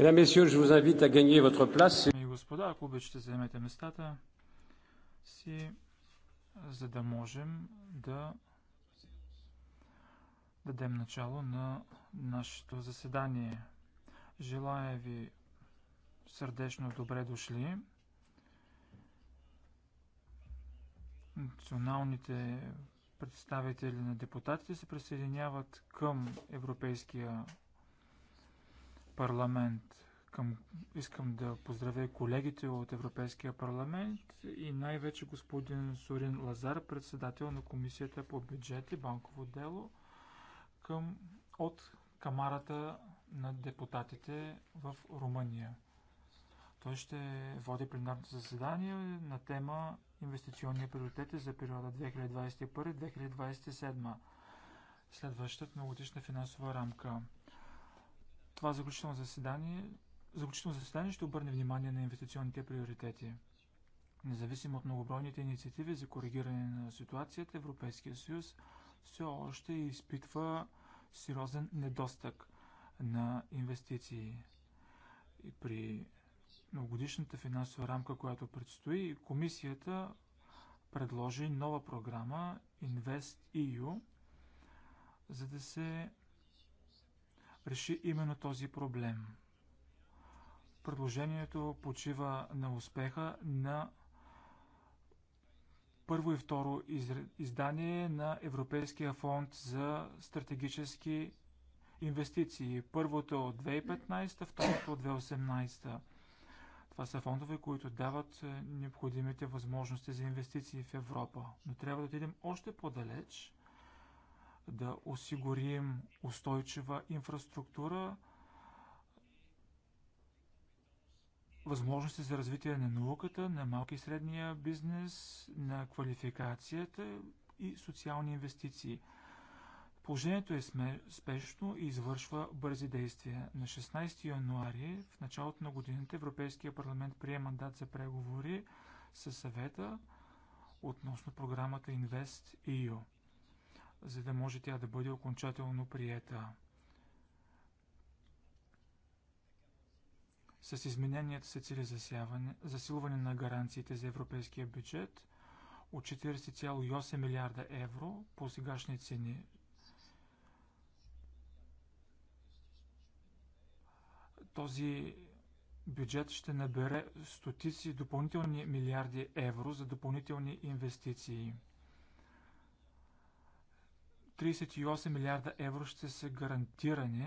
Mesdames, и господа, ако обичате, заемете местата си, за да можем да дадем начало на нашето заседание. Желая ви сърдечно добре дошли. Националните представители на депутатите се присъединяват към Европейския парламент. Към, искам да поздравя колегите от Европейския парламент и най-вече господин Сурин Лазар, председател на Комисията по бюджет и банково дело към, от Камарата на депутатите в Румъния. Той ще води пленарното заседание на тема инвестиционни приоритети за периода 2021-2027, следващата многодишна финансова рамка. Това заключително заседание, заключително заседание ще обърне внимание на инвестиционните приоритети. Независимо от многобройните инициативи за коригиране на ситуацията, Европейския съюз все още изпитва сериозен недостъг на инвестиции. И при многогодишната финансова рамка, която предстои, комисията предложи нова програма InvestEU, за да се реши именно този проблем. Предложението почива на успеха на първо и второ издание на Европейския фонд за стратегически инвестиции. Първото от 2015, второто от 2018. Това са фондове, които дават е, необходимите възможности за инвестиции в Европа. Но трябва да отидем още по-далеч да осигурим устойчива инфраструктура, възможности за развитие на науката, на малки и средния бизнес, на квалификацията и социални инвестиции. Положението е спешно и извършва бързи действия. На 16 януари, в началото на годината, Европейския парламент прие мандат за преговори със съвета относно програмата InvestEU за да може тя да бъде окончателно приета. С измененията се цели засилване на гаранциите за европейския бюджет от 40,8 милиарда евро по сегашни цени. Този бюджет ще набере стотици допълнителни милиарди евро за допълнителни инвестиции. 38 милиарда евро ще са гарантирани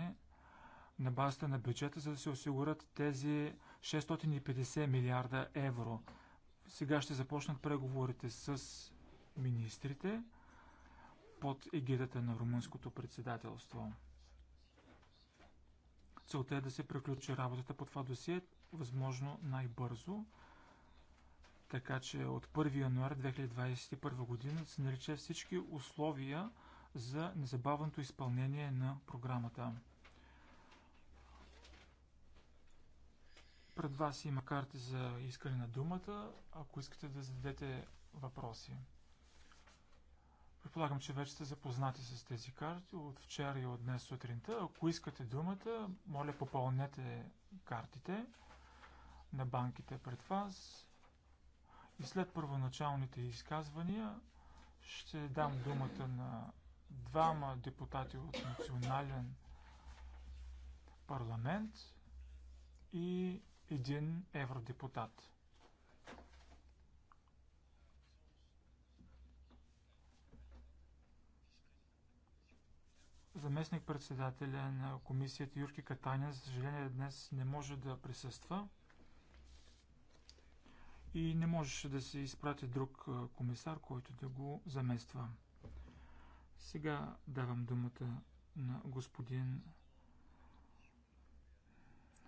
на базата на бюджета, за да се осигурят тези 650 милиарда евро. Сега ще започнат преговорите с министрите под егидата на румънското председателство. Целта е да се приключи работата по това досие възможно най-бързо. Така че от 1 януаря 2021 година се нарича всички условия за незабавното изпълнение на програмата. Пред вас има карти за искане на думата, ако искате да зададете въпроси. Предполагам, че вече сте запознати с тези карти от вчера и от днес сутринта. Ако искате думата, моля попълнете картите на банките пред вас. И след първоначалните изказвания ще дам думата на двама депутати от национален парламент и един евродепутат. Заместник председателя на комисията Юрки Катаня, за съжаление, днес не може да присъства и не можеше да се изпрати друг комисар, който да го замества. Сега давам думата на господин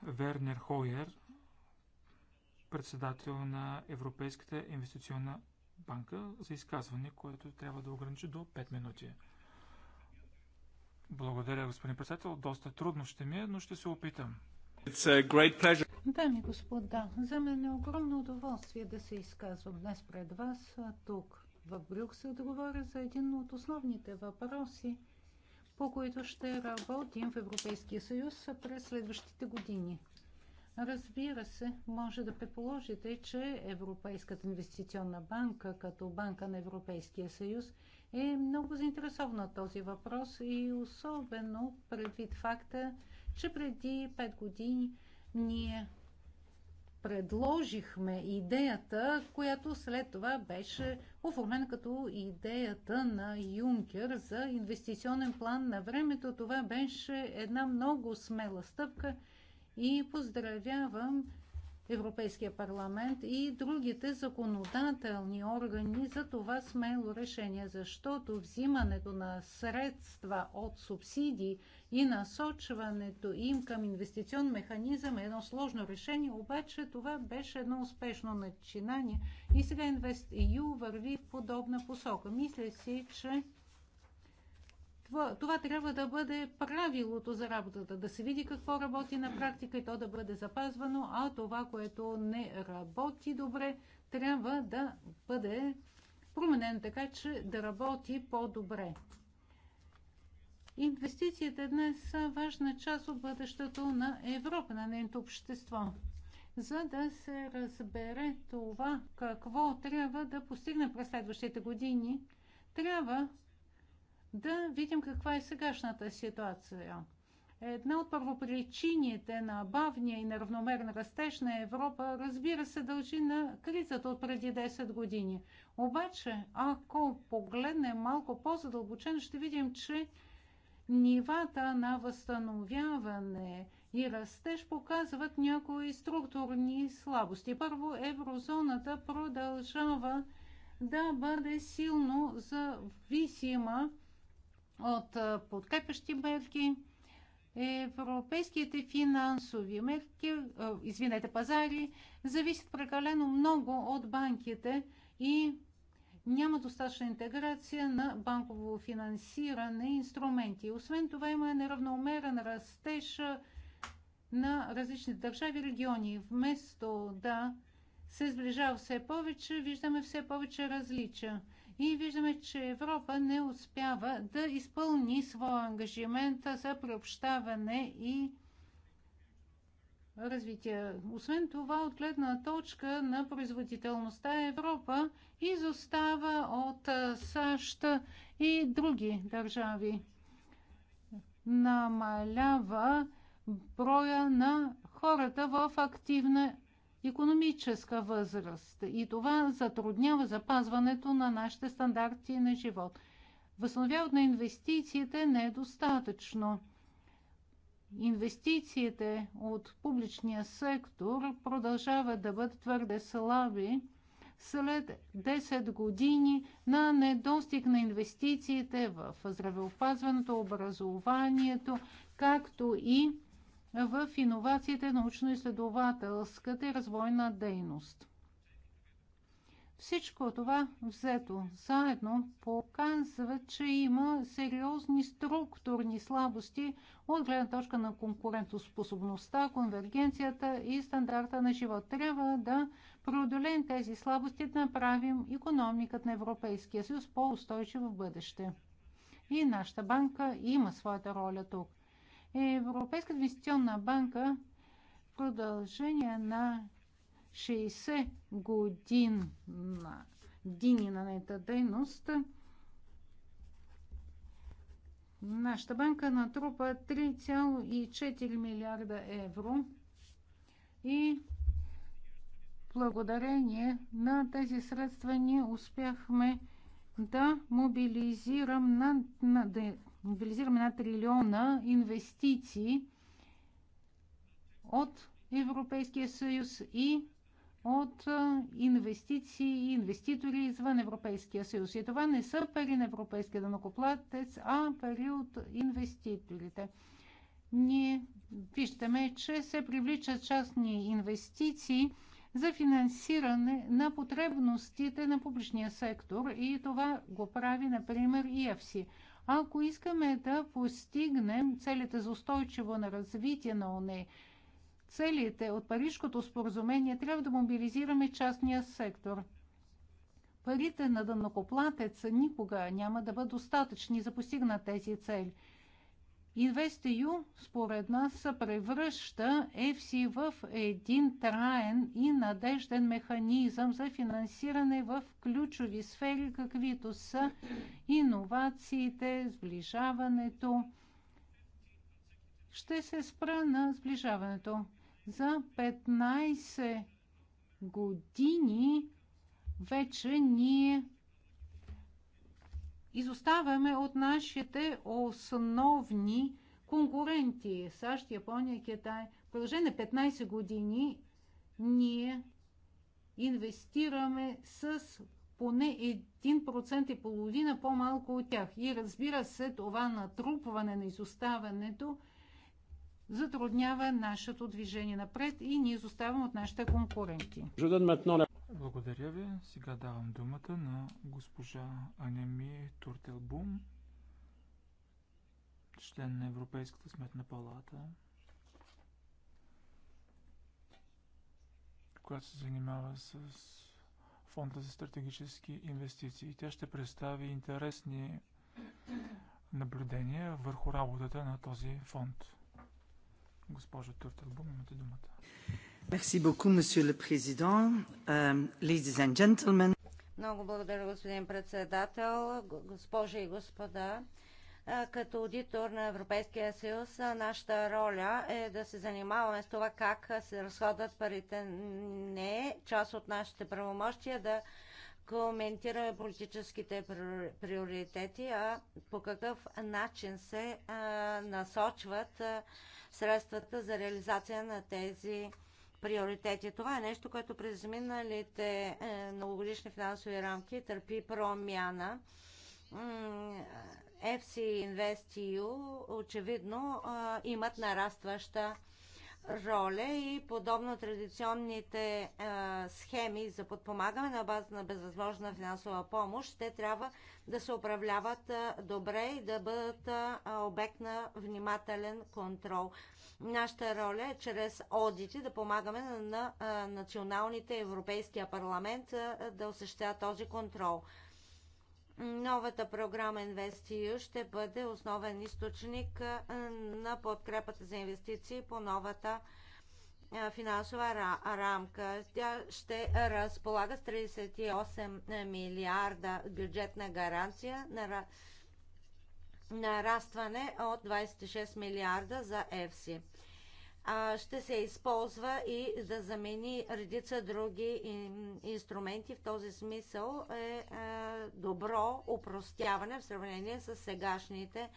Вернер Хойер, председател на Европейската инвестиционна банка за изказване, което трябва да ограничи до 5 минути. Благодаря, господин председател. Доста трудно ще ми е, но ще се опитам. Дами и господа, за мен е огромно удоволствие да се изказвам днес пред вас тук в Брюксел да говоря за един от основните въпроси, по които ще работим в Европейския съюз през следващите години. Разбира се, може да предположите, че Европейската инвестиционна банка, като банка на Европейския съюз, е много заинтересована този въпрос и особено предвид факта, че преди 5 години ние предложихме идеята, която след това беше оформена като идеята на Юнкер за инвестиционен план на времето. Това беше една много смела стъпка и поздравявам Европейския парламент и другите законодателни органи за това смело решение, защото взимането на средства от субсидии и насочването им към инвестиционен механизъм е едно сложно решение, обаче това беше едно успешно начинание и сега InvestEU върви в подобна посока. Мисля си, че това, това трябва да бъде правилото за работата, да се види какво работи на практика и то да бъде запазвано, а това, което не работи добре, трябва да бъде променено така, че да работи по-добре. Инвестициите днес са важна част от бъдещето на Европа, на нейното общество. За да се разбере това какво трябва да постигне през следващите години, трябва да видим каква е сегашната ситуация. Една от първопричините на бавния и неравномерен растеж на Европа, разбира се, дължи на кризата от преди 10 години. Обаче, ако погледнем малко по-задълбочено, ще видим, че нивата на възстановяване и растеж показват някои структурни слабости. Първо, еврозоната продължава да бъде силно зависима от подкрепящи мерки, европейските финансови мерки, извинете, пазари, зависят прекалено много от банките и няма достатъчна интеграция на банково финансиране и инструменти. Освен това има неравномерен растеж на различни държави и региони. Вместо да се сближава все повече, виждаме все повече различия. И виждаме, че Европа не успява да изпълни своя ангажимент за приобщаване и развитие. Освен това, от гледна точка на производителността Европа изостава от САЩ и други държави. Намалява броя на хората в активна економическа възраст и това затруднява запазването на нашите стандарти на живот. Възстановяването на инвестициите не е достатъчно. Инвестициите от публичния сектор продължават да бъдат твърде слаби след 10 години на недостиг на инвестициите в здравеопазването, образованието, както и в иновациите, научно-изследователската и развойна дейност. Всичко това взето заедно показва, че има сериозни структурни слабости от гледна точка на конкурентоспособността, конвергенцията и стандарта на живот. Трябва да преодолеем тези слабости, да направим економиката на Европейския съюз по-устойчив в бъдеще. И нашата банка има своята роля тук. Европейската инвестиционна банка в продължение на 60 години на нейната дейност нашата банка натрупа 3,4 милиарда евро и благодарение на тези средства ние успяхме да мобилизирам над, над мобилизираме на трилиона инвестиции от Европейския съюз и от инвестиции и инвеститори извън Европейския съюз. И това не са пари на европейския данокоплатец, а пари от инвеститорите. Ние виждаме, че се привличат частни инвестиции за финансиране на потребностите на публичния сектор и това го прави, например, и ЕФСИ. Ако искаме да постигнем целите за устойчиво на развитие на ОНЕ, целите от Парижкото споразумение, трябва да мобилизираме частния сектор. Парите на дънокоплатеца никога няма да бъдат достатъчни за постигна тези цели – InvestEU според нас превръща EFSI в един траен и надежден механизъм за финансиране в ключови сфери, каквито са иновациите, сближаването. Ще се спра на сближаването. За 15 години вече ние изоставаме от нашите основни конкуренти САЩ, Япония, Китай. В продължение на 15 години ние инвестираме с поне 1% и половина по-малко от тях. И разбира се, това натрупване на изоставането – затруднява нашето движение напред и ние изоставаме от нашите конкуренти. Благодаря ви. Сега давам думата на госпожа Анеми Туртелбум, член на Европейската сметна палата, която се занимава с Фонда за стратегически инвестиции. Тя ще представи интересни наблюдения върху работата на този фонд. Госпожо Туртълбум, имате думата. Merci beaucoup, monsieur le président. Um, ladies and gentlemen. Много благодаря, господин председател, госпожи и господа. Като аудитор на Европейския съюз, нашата роля е да се занимаваме с това как се разходват парите. Не е част от нашите правомощия да коментираме политическите приоритети, а по какъв начин се насочват средствата за реализация на тези приоритети. Това е нещо, което през миналите многогодишни финансови рамки търпи промяна. FC EU очевидно имат нарастваща роля и подобно традиционните а, схеми за подпомагане на база на безвъзможна финансова помощ, те трябва да се управляват а, добре и да бъдат а, обект на внимателен контрол. Нашата роля е чрез одити да помагаме на, на а, националните Европейския парламент а, да осъществя този контрол. Новата програма InvestEU ще бъде основен източник на подкрепата за инвестиции по новата финансова рамка. Тя ще разполага с 38 милиарда бюджетна гаранция на нарастване от 26 милиарда за ЕФСИ ще се използва и да замени редица други инструменти. В този смисъл е, е добро упростяване в сравнение с сегашните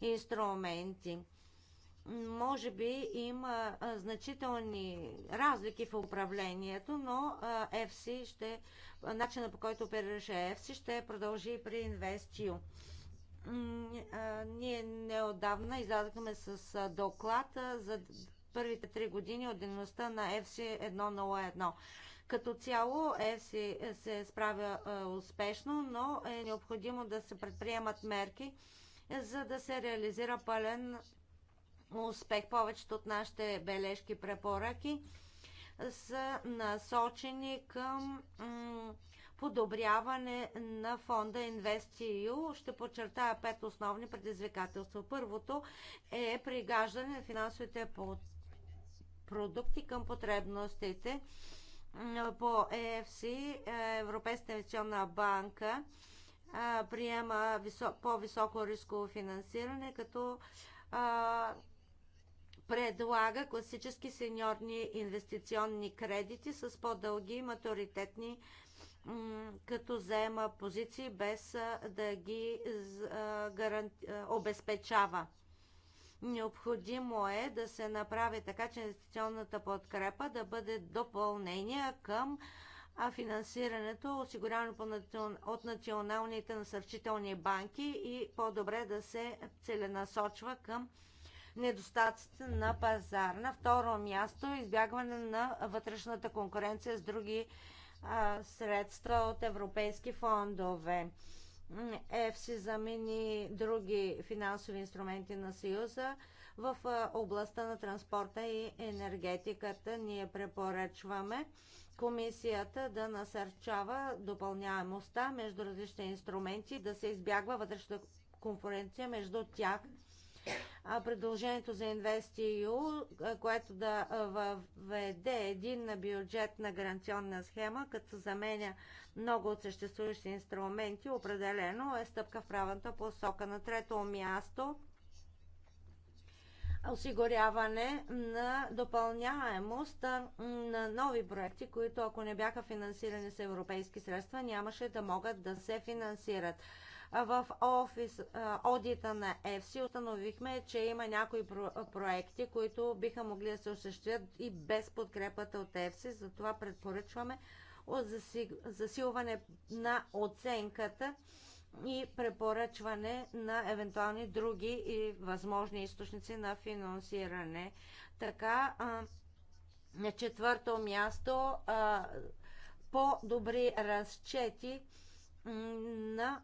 инструменти може би има значителни разлики в управлението, но FC ще, начина по който оперираше FC ще продължи при InvestU. Ние неодавна излязахме с доклад за първите три години от дейността на FC 101. Като цяло FC се справя успешно, но е необходимо да се предприемат мерки, за да се реализира пълен успех. Повечето от нашите бележки препоръки са насочени към подобряване на фонда InvestEU. Ще подчертая пет основни предизвикателства. Първото е пригаждане на финансовите потоци продукти към потребностите по EFC, е, Европейската инвестиционна банка приема по-високо рисково финансиране, като предлага класически сеньорни инвестиционни кредити с по-дълги матуритетни, като заема позиции без да ги гаранти... обезпечава. Необходимо е да се направи така, че инвестиционната подкрепа да бъде допълнение към а финансирането, осигуряване от националните насърчителни банки и по-добре да се целенасочва към недостатъците на пазар. На второ място избягване на вътрешната конкуренция с други а, средства от европейски фондове. ЕФСИ замени други финансови инструменти на Съюза в областта на транспорта и енергетиката. Ние препоръчваме комисията да насърчава допълняемостта между различни инструменти, да се избягва вътрешна конкуренция между тях. Предложението за InvestEU, което да въведе един бюджет на гаранционна схема, като заменя много от съществуващи инструменти определено е стъпка в правилната посока. На трето място осигуряване на допълняемост на нови проекти, които ако не бяха финансирани с европейски средства, нямаше да могат да се финансират. В офис, одита на ЕФСИ установихме, че има някои проекти, които биха могли да се осъществят и без подкрепата от ЕФСИ, затова предпоръчваме от засилване на оценката и препоръчване на евентуални други и възможни източници на финансиране. Така, на четвърто място, по-добри разчети на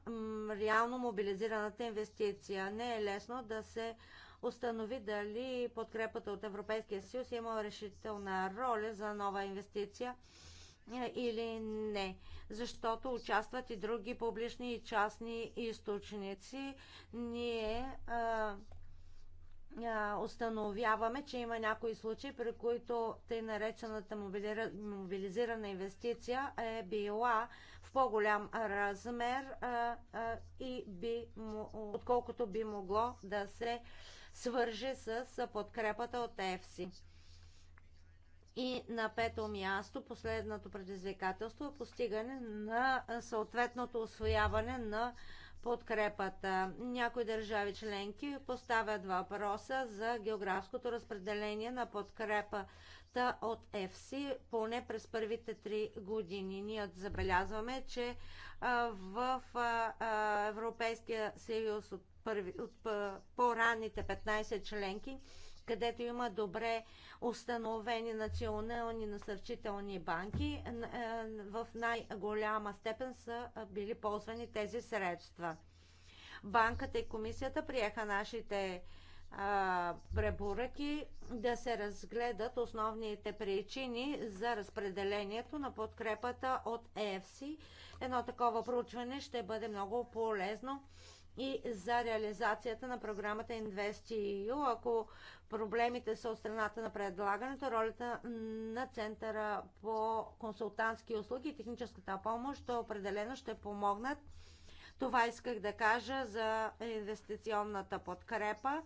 реално мобилизираната инвестиция. Не е лесно да се установи дали подкрепата от Европейския съюз има решителна роля за нова инвестиция или не, защото участват и други публични и частни източници. Ние а, а, установяваме, че има някои случаи, при които тъй наречената мобилизирана инвестиция е била в по-голям размер а, а, и би, отколкото би могло да се свърже с подкрепата от ЕФСИ. И на пето място, последното предизвикателство е постигане на съответното освояване на подкрепата. Някои държави членки поставят въпроса за географското разпределение на подкрепата от ЕФСИ поне през първите три години. Ние забелязваме, че в Европейския съюз от, първи, от по-ранните 15 членки където има добре установени национални насърчителни банки, е, е, в най-голяма степен са е, били ползвани тези средства. Банката и комисията приеха нашите препоръки да се разгледат основните причини за разпределението на подкрепата от ЕФСИ. Едно такова проучване ще бъде много полезно и за реализацията на програмата InvestEU. Ако проблемите са от страната на предлагането, ролята на Центъра по консултантски услуги и техническата помощ определено ще помогнат. Това исках да кажа за инвестиционната подкрепа.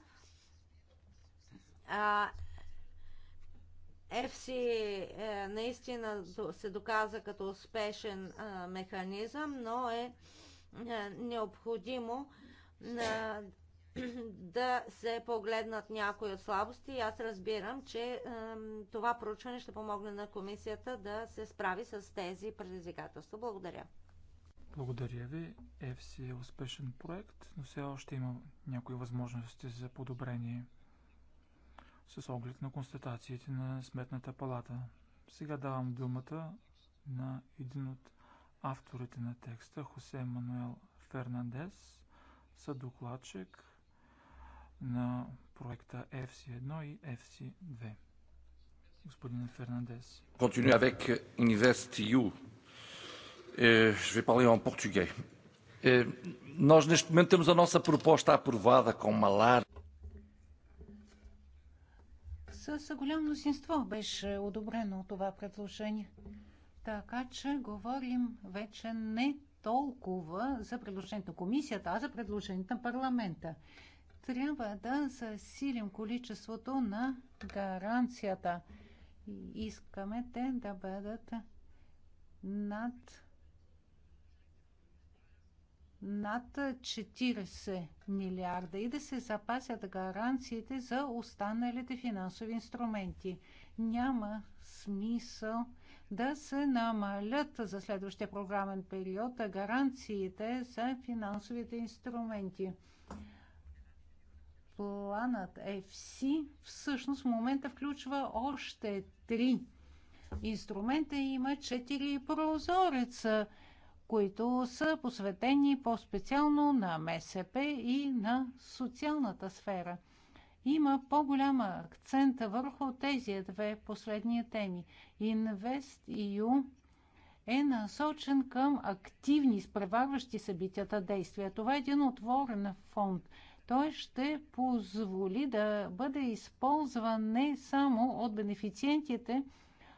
FC е, наистина се доказа като успешен механизъм, но е е, необходимо да се погледнат някои от слабости. Аз разбирам, че това проучване ще помогне на комисията да се справи с тези предизвикателства. Благодаря. Благодаря ви. ЕФС е успешен проект, но все още има някои възможности за подобрение с оглед на констатациите на Сметната палата. Сега давам думата на един от Авторите на текста Хосе Мануел Фернандес са докладчик на проекта FC1 и FC2. Господин Фернандес. Continue avec InvestEU. Je vais parler en portugais. Nós neste momento temos a nossa proposta aprovada com uma lar... С голямо мнозинство беше одобрено това предложение. Така че говорим вече не толкова за предложението на комисията, а за предложението на парламента. Трябва да засилим количеството на гаранцията. Искаме те да бъдат над над 40 милиарда и да се запасят гаранциите за останалите финансови инструменти. Няма смисъл да се намалят за следващия програмен период гаранциите за финансовите инструменти. Планът FC всъщност в момента включва още три инструмента и има четири прозореца, които са посветени по-специално на МСП и на социалната сфера – има по голяма акцент върху тези две последни теми. InvestEU е насочен към активни, изпреварващи събитията действия. Това е един отворен фонд. Той ще позволи да бъде използван не само от бенефициентите,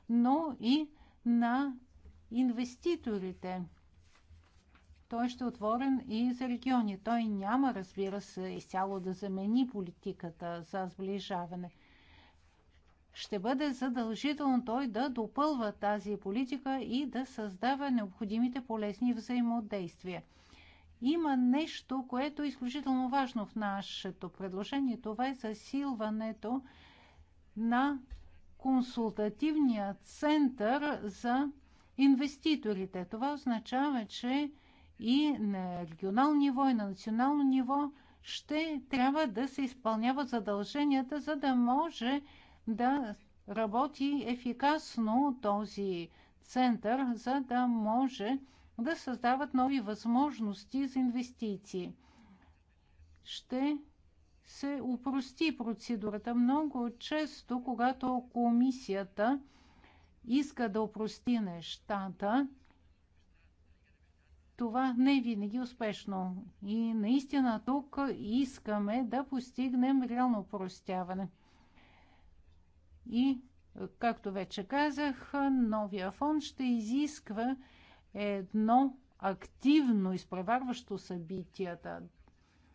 но и на инвеститорите той ще е отворен и за региони. Той няма, разбира се, изцяло да замени политиката за сближаване. Ще бъде задължително той да допълва тази политика и да създава необходимите полезни взаимодействия. Има нещо, което е изключително важно в нашето предложение. Това е засилването на консултативния център за инвеститорите. Това означава, че и на регионално ниво, и на национално ниво ще трябва да се изпълнява задълженията, за да може да работи ефикасно този център, за да може да създават нови възможности за инвестиции. Ще се упрости процедурата. Много често, когато комисията иска да упрости нещата, това не е винаги успешно. И наистина тук искаме да постигнем реално простяване. И, както вече казах, новия фон ще изисква едно активно изпреварващо събитията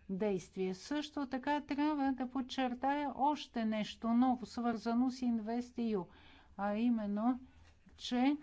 действие. Също така трябва да подчертая още нещо ново, свързано с InvestEU, а именно, че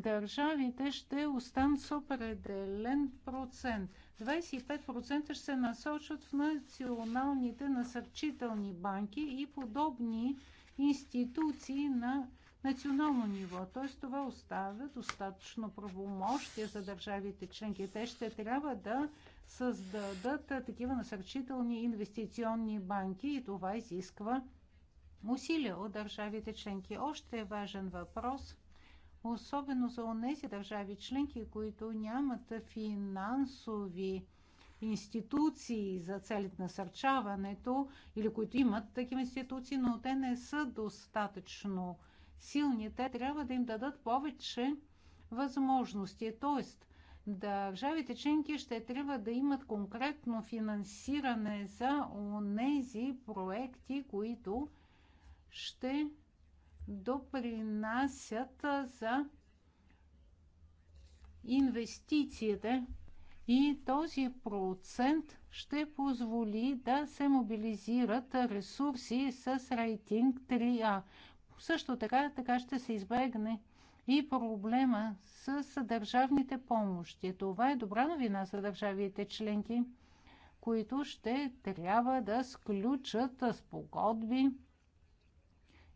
държавите ще останат с определен процент. 25% ще се насочат в националните насърчителни банки и подобни институции на национално ниво. Т.е. това оставя достатъчно правомощия за държавите членки. Те ще трябва да създадат такива насърчителни инвестиционни банки и това изисква усилия от държавите членки. Още е важен въпрос особено за онези държави членки, които нямат финансови институции за на насърчаването или които имат такива институции, но те не са достатъчно силни. Те трябва да им дадат повече възможности. Тоест, държавите членки ще трябва да имат конкретно финансиране за онези проекти, които ще допринасят за инвестициите и този процент ще позволи да се мобилизират ресурси с рейтинг 3А. Също така, така ще се избегне и проблема с държавните помощи. Това е добра новина за държавите членки, които ще трябва да сключат спогодби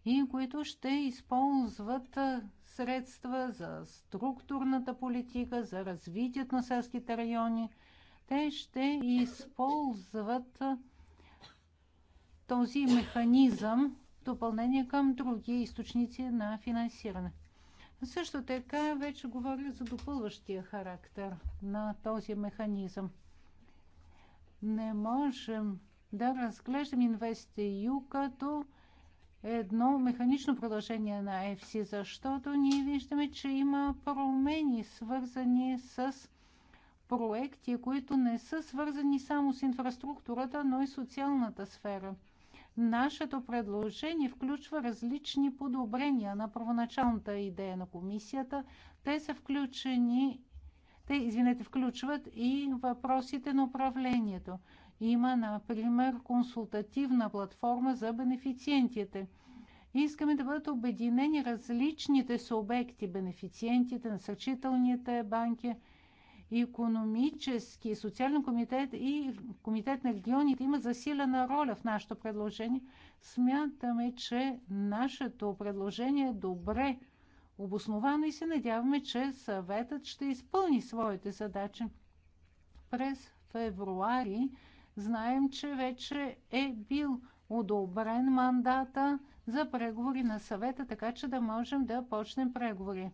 и които ще използват средства за структурната политика, за развитието на селските райони. Те ще използват този механизъм в допълнение към други източници на финансиране. Също така вече говоря за допълващия характер на този механизъм. Не можем да разглеждам инвестицию като едно механично продължение на FC, защото ние виждаме, че има промени, свързани с проекти, които не са свързани само с инфраструктурата, но и социалната сфера. Нашето предложение включва различни подобрения на първоначалната идея на комисията. Те са включени те, извинете, включват и въпросите на управлението. Има, например, консултативна платформа за бенефициентите. Искаме да бъдат обединени различните субекти, бенефициентите, насърчителните банки, економически, социален комитет и комитет на регионите има засилена роля в нашето предложение. Смятаме, че нашето предложение е добре обосновано и се надяваме, че съветът ще изпълни своите задачи. През февруари Знаем, че вече е бил одобрен мандата за преговори на съвета, така че да можем да почнем преговори.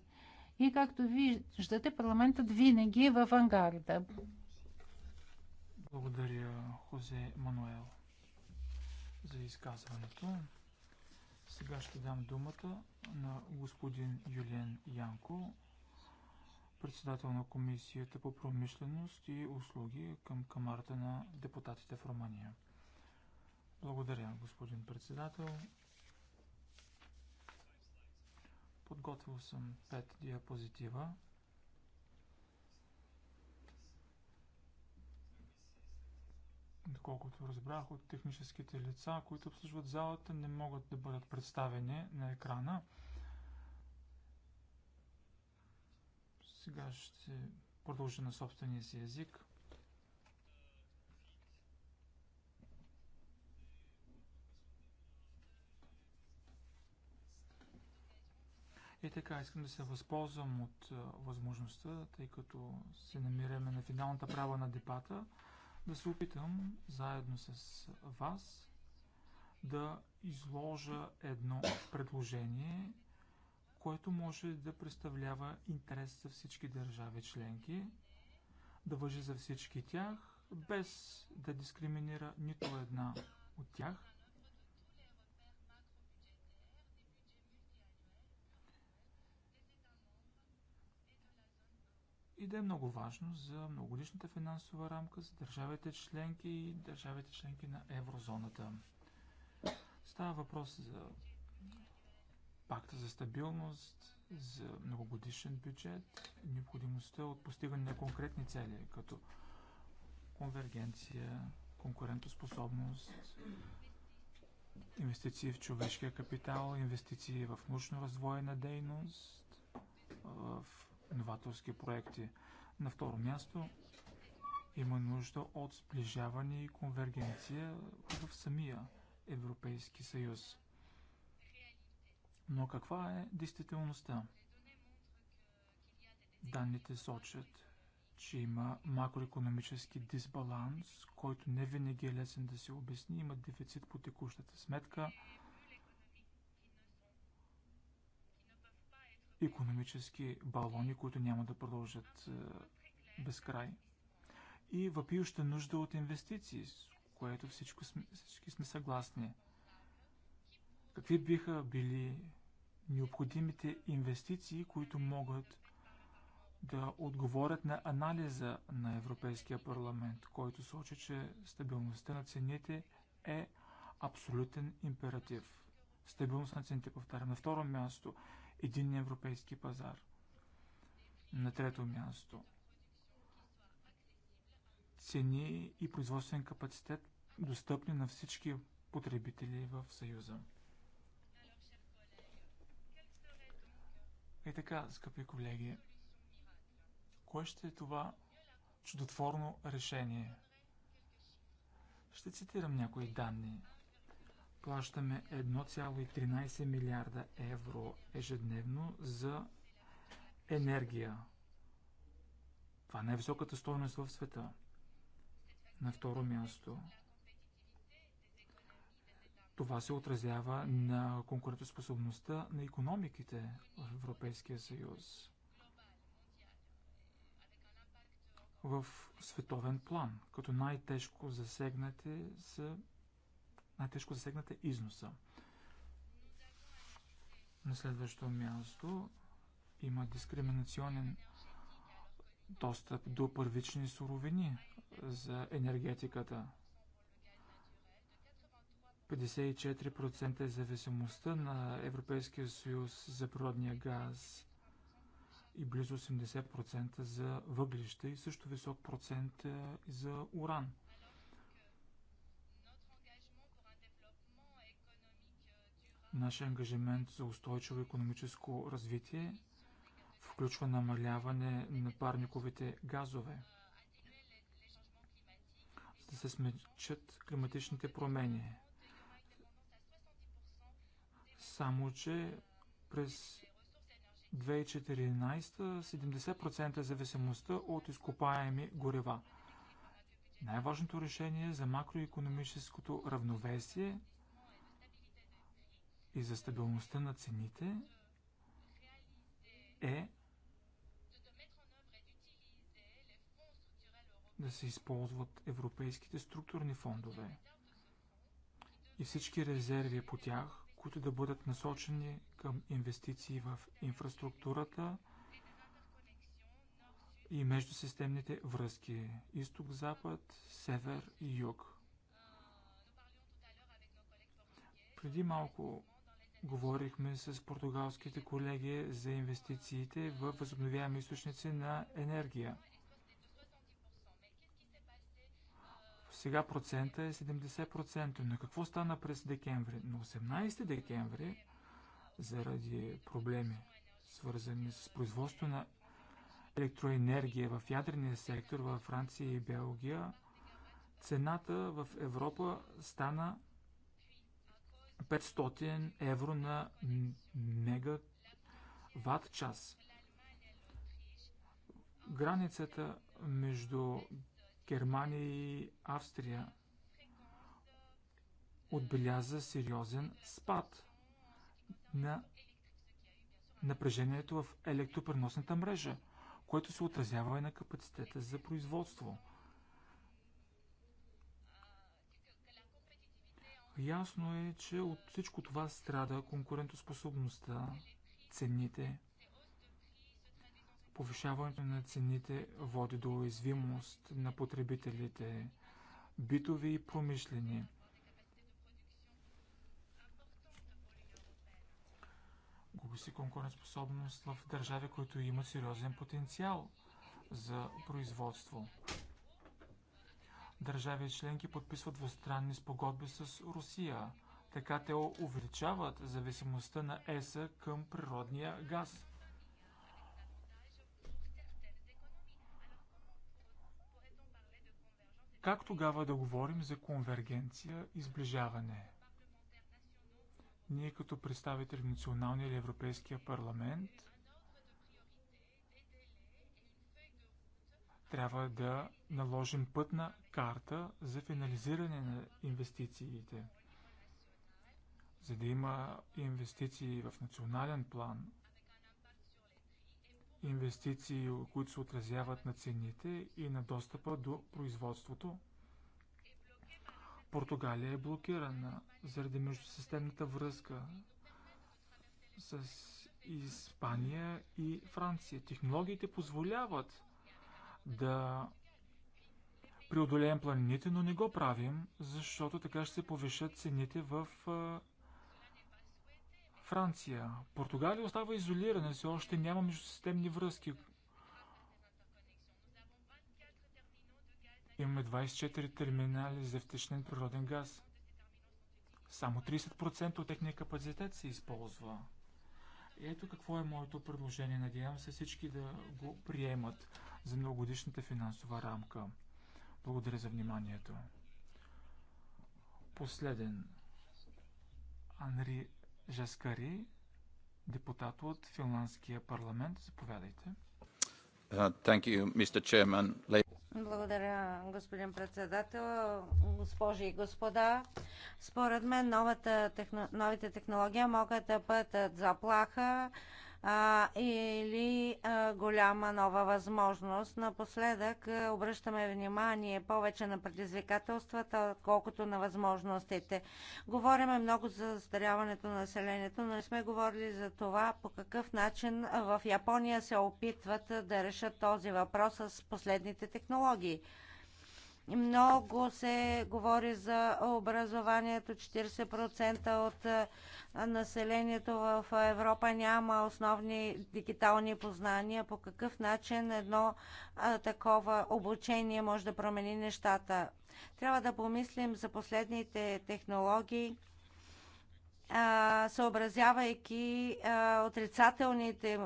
И както виждате, парламентът винаги е в ангарда. Благодаря, Хозе Мануел, за изказването. Сега ще дам думата на господин Юлиан Янко председател на Комисията по промишленост и услуги към Камарата на депутатите в Румъния. Благодаря, господин председател. Подготвил съм пет диапозитива. Доколкото разбрах от техническите лица, които обслужват залата, не могат да бъдат представени на екрана. Сега ще продължа на собствения си език. И така, искам да се възползвам от възможността, тъй като се намираме на финалната права на депата, да се опитам заедно с вас да изложа едно предложение което може да представлява интерес за всички държави членки, да въжи за всички тях, без да дискриминира нито една от тях. И да е много важно за многогодишната финансова рамка за държавите членки и държавите членки на еврозоната. Става въпрос за пакта за стабилност, за многогодишен бюджет, необходимостта от постигане на конкретни цели, като конвергенция, конкурентоспособност, инвестиции в човешкия капитал, инвестиции в научно-развойна дейност, в новаторски проекти. На второ място има нужда от сближаване и конвергенция в самия Европейски съюз. Но каква е действителността? Данните сочат, че има макроекономически дисбаланс, който не винаги е лесен да се обясни. Има дефицит по текущата сметка. Економически балони, които няма да продължат е, без край. И въпиюща нужда от инвестиции, с което всичко сме, всички сме съгласни – Какви биха били необходимите инвестиции, които могат да отговорят на анализа на Европейския парламент, който сочи, че стабилността на цените е абсолютен императив. Стабилност на цените, повтарям. На второ място, един европейски пазар. На трето място, цени и производствен капацитет, достъпни на всички потребители в Съюза. И е така, скъпи колеги, кое ще е това чудотворно решение? Ще цитирам някои данни. Плащаме 1,13 милиарда евро ежедневно за енергия. Това е най-високата стойност в света. На второ място това се отразява на конкурентоспособността на економиките в Европейския съюз в световен план, като най-тежко засегнати са най-тежко засегната е износа. На следващо място има дискриминационен достъп до първични суровини за енергетиката. 54% е зависимостта на Европейския съюз за природния газ и близо 80% за въглища и също висок процент е за уран. Нашия ангажимент за устойчиво економическо развитие включва намаляване на парниковите газове, за да се смечат климатичните промени. Само, че през 2014 70% е зависимостта от изкопаеми горива. Най-важното решение е за макроекономическото равновесие и за стабилността на цените е да се използват европейските структурни фондове и всички резерви по тях които да бъдат насочени към инвестиции в инфраструктурата и междусистемните връзки изток-запад, север и юг. Преди малко говорихме с португалските колеги за инвестициите в възобновяеми източници на енергия – Сега процента е 70%. Но какво стана през декември? На 18 декември, заради проблеми, свързани с производство на електроенергия в ядрения сектор във Франция и Белгия, цената в Европа стана 500 евро на мегаватт час. Границата между Германия и Австрия отбеляза сериозен спад на напрежението в електропреносната мрежа, което се отразява и на капацитета за производство. Ясно е, че от всичко това страда конкурентоспособността, цените, Повишаването на цените води до уязвимост на потребителите, битови и промишлени. Губи се конкурентоспособност в държави, които имат сериозен потенциал за производство. Държави членки подписват двустранни спогодби с Русия. Така те увеличават зависимостта на ЕСА към природния газ. Как тогава да говорим за конвергенция и сближаване? Ние като представители в Националния или Европейския парламент трябва да наложим пътна карта за финализиране на инвестициите. За да има инвестиции в национален план, инвестиции, които се отразяват на цените и на достъпа до производството. Португалия е блокирана заради междусистемната връзка с Испания и Франция. Технологиите позволяват да преодолеем планините, но не го правим, защото така ще се повишат цените в Франция. Португалия остава изолирана, все още няма междусистемни връзки. Имаме 24 терминали за втечнен природен газ. Само 30% от техния капацитет се използва. Ето какво е моето предложение. Надявам се всички да го приемат за многогодишната финансова рамка. Благодаря за вниманието. Последен. Анри Жаскари, депутат от Финландския парламент. Заповядайте. Uh, you, Благодаря, господин председател, госпожи и господа. Според мен новата, новите технологии могат да бъдат заплаха а, или а, голяма нова възможност. Напоследък а, обръщаме внимание повече на предизвикателствата, колкото на възможностите. Говориме много за застаряването на населението, но не сме говорили за това по какъв начин в Япония се опитват да решат този въпрос с последните технологии. Много се говори за образованието. 40% от населението в Европа няма основни дигитални познания. По какъв начин едно такова обучение може да промени нещата? Трябва да помислим за последните технологии съобразявайки отрицателните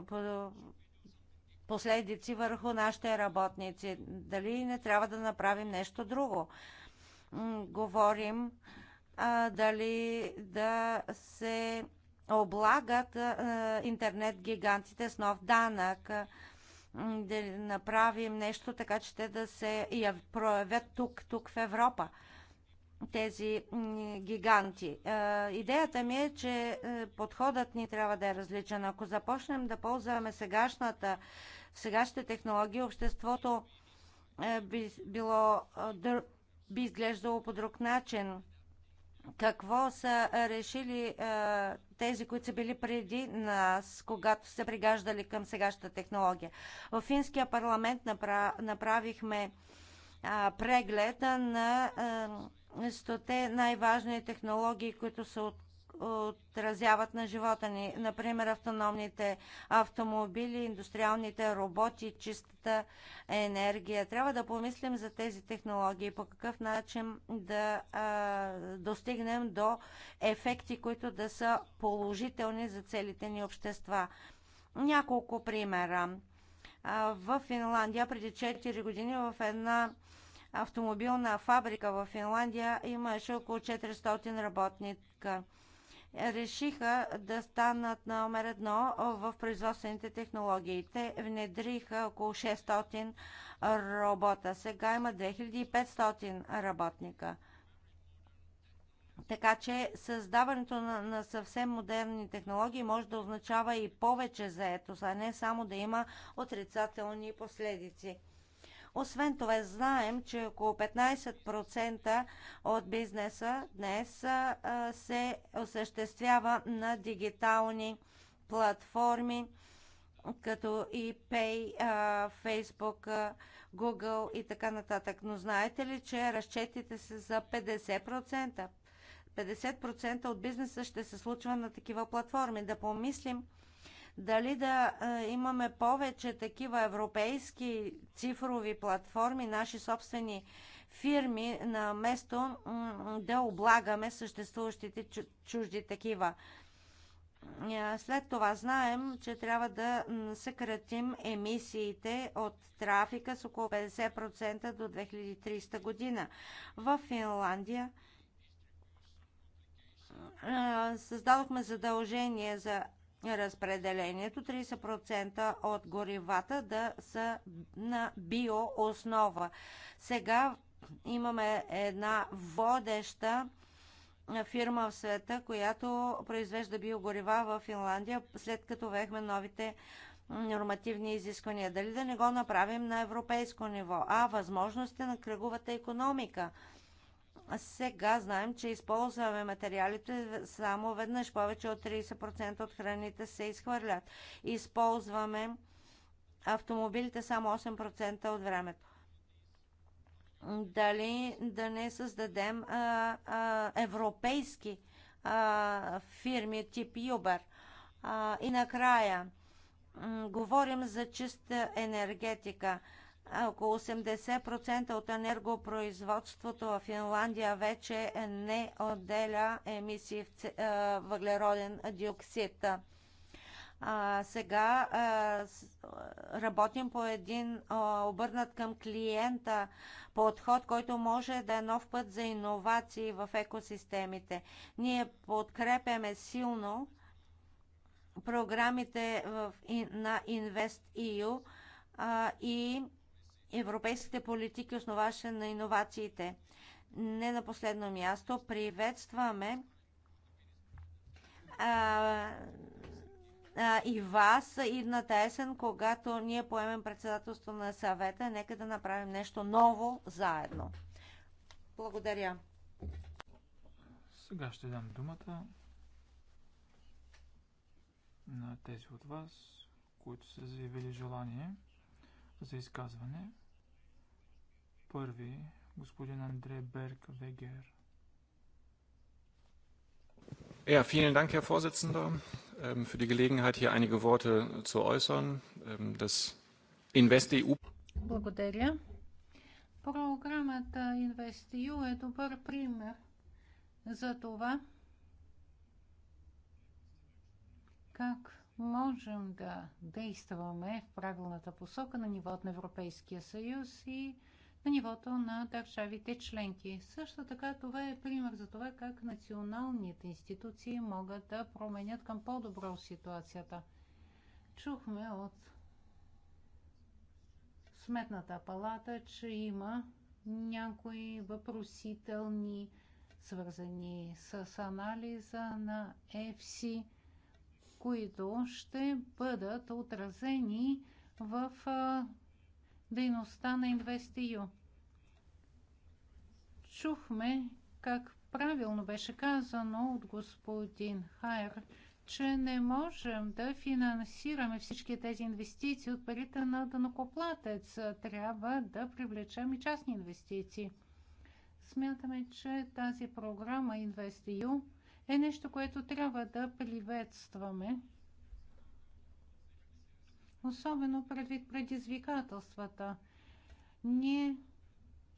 последици върху нашите работници. Дали не трябва да направим нещо друго? Говорим а, дали да се облагат а, интернет гигантите с нов данък, а, да направим нещо така, че те да се проявят тук, тук в Европа тези гиганти. Идеята ми е, че е, подходът ни трябва да е различен. Ако започнем да ползваме сегашната в сегашните технологии обществото е, би, било, е, би изглеждало по друг начин. Какво са решили е, тези, които са били преди нас, когато се пригаждали към сегашната технология? В финския парламент направихме преглед на стоте най-важни технологии, които са от отразяват на живота ни. Например, автономните автомобили, индустриалните роботи, чистата енергия. Трябва да помислим за тези технологии, по какъв начин да а, достигнем до ефекти, които да са положителни за целите ни общества. Няколко примера. В Финландия преди 4 години в една автомобилна фабрика в Финландия имаше около 400 работника решиха да станат номер едно в производствените технологии. Те внедриха около 600 робота. Сега има 2500 работника. Така че създаването на, на съвсем модерни технологии може да означава и повече заетост, а не само да има отрицателни последици. Освен това, знаем, че около 15% от бизнеса днес се осъществява на дигитални платформи, като ePay, Facebook, Google и така нататък. Но знаете ли, че разчетите са за 50%? 50% от бизнеса ще се случва на такива платформи. Да помислим дали да имаме повече такива европейски цифрови платформи, наши собствени фирми, на место да облагаме съществуващите чужди такива. След това знаем, че трябва да съкратим емисиите от трафика с около 50% до 2300 година. В Финландия създадохме задължение за разпределението 30% от горивата да са на биооснова. Сега имаме една водеща фирма в света, която произвежда биогорива в Финландия, след като вехме новите нормативни изисквания. Дали да не го направим на европейско ниво? А, възможностите на кръговата економика – сега знаем, че използваме материалите само веднъж. Повече от 30% от храните се изхвърлят. Използваме автомобилите само 8% от времето дали да не създадем а, а, европейски а, фирми тип Uber. А, и накрая, м- говорим за чиста енергетика. Около 80% от енергопроизводството в Финландия вече не отделя емисии въглероден диоксид. А, сега а, с, работим по един а, обърнат към клиента подход, който може да е нов път за иновации в екосистемите. Ние подкрепяме силно програмите в, на InvestEU и европейските политики, основаващи на иновациите. Не на последно място, приветстваме а, а, и вас идната есен, когато ние поемем председателство на съвета. Нека да направим нещо ново заедно. Благодаря. Сега ще дам думата на тези от вас, които са заявили желание за изказване. Първи, господин Андре Берг Вегер. Ja, vielen Dank, Herr Vorsitzender, ähm, für die Gelegenheit, hier einige Worte zu äußern. Ähm, das InvestEU. Благодаря. Програмата InvestEU е добър пример за това, как можем да действаме в правилната посока на нивото на Европейския съюз и на нивото на държавите членки. Също така това е пример за това как националните институции могат да променят към по-добро ситуацията. Чухме от Сметната палата, че има някои въпросителни, свързани с анализа на Ефси, които ще бъдат отразени в дейността на InvestEU. Чухме как правилно беше казано от господин Хайер, че не можем да финансираме всички тези инвестиции от парите на данокоплатец. Трябва да привлечем и частни инвестиции. Смятаме, че тази програма InvestEU е нещо, което трябва да приветстваме особено предвид предизвикателствата. Ние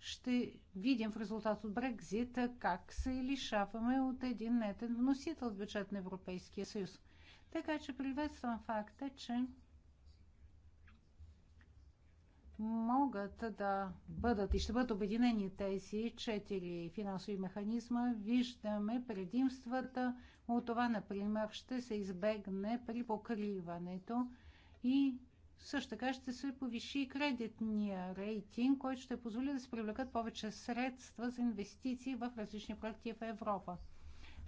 ще видим в резултат от Брекзита как се лишаваме от един нетен вносител в бюджет на Европейския съюз. Така че приветствам факта, че могат да бъдат и ще бъдат обединени тези четири финансови механизма. Виждаме предимствата от това, например, ще се избегне при покриването и също така ще се повиши кредитния рейтинг, който ще позволи да се привлекат повече средства за инвестиции в различни проекти в Европа.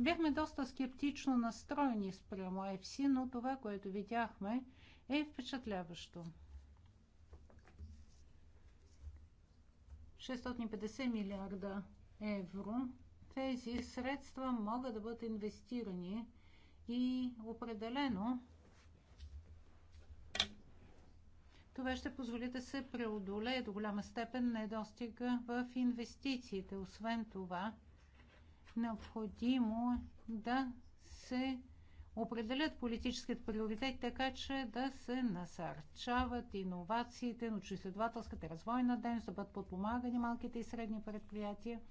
Бяхме доста скептично настроени спрямо Ефси, но това, което видяхме, е впечатляващо. 650 милиарда евро. Тези средства могат да бъдат инвестирани и определено Това ще позволи да се преодолее до голяма степен недостига в инвестициите. Освен това, необходимо да се определят политическите приоритети така, че да се насърчават иновациите, научно-изследователската развойна дейност, да бъдат подпомагани малките и средни предприятия –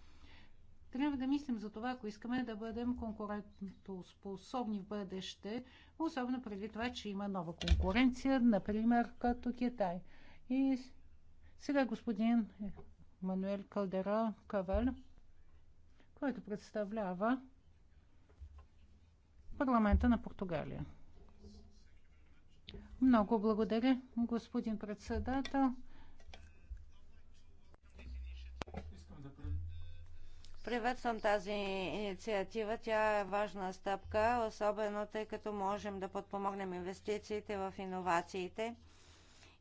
трябва да мислим за това, ако искаме да бъдем конкурентоспособни в бъдеще, особено преди това, че има нова конкуренция, например като Китай. И сега господин Мануел Калдера Кавел, който представлява парламента на Португалия. Много благодаря, господин председател. Приветствам тази инициатива. Тя е важна стъпка, особено тъй като можем да подпомогнем инвестициите в иновациите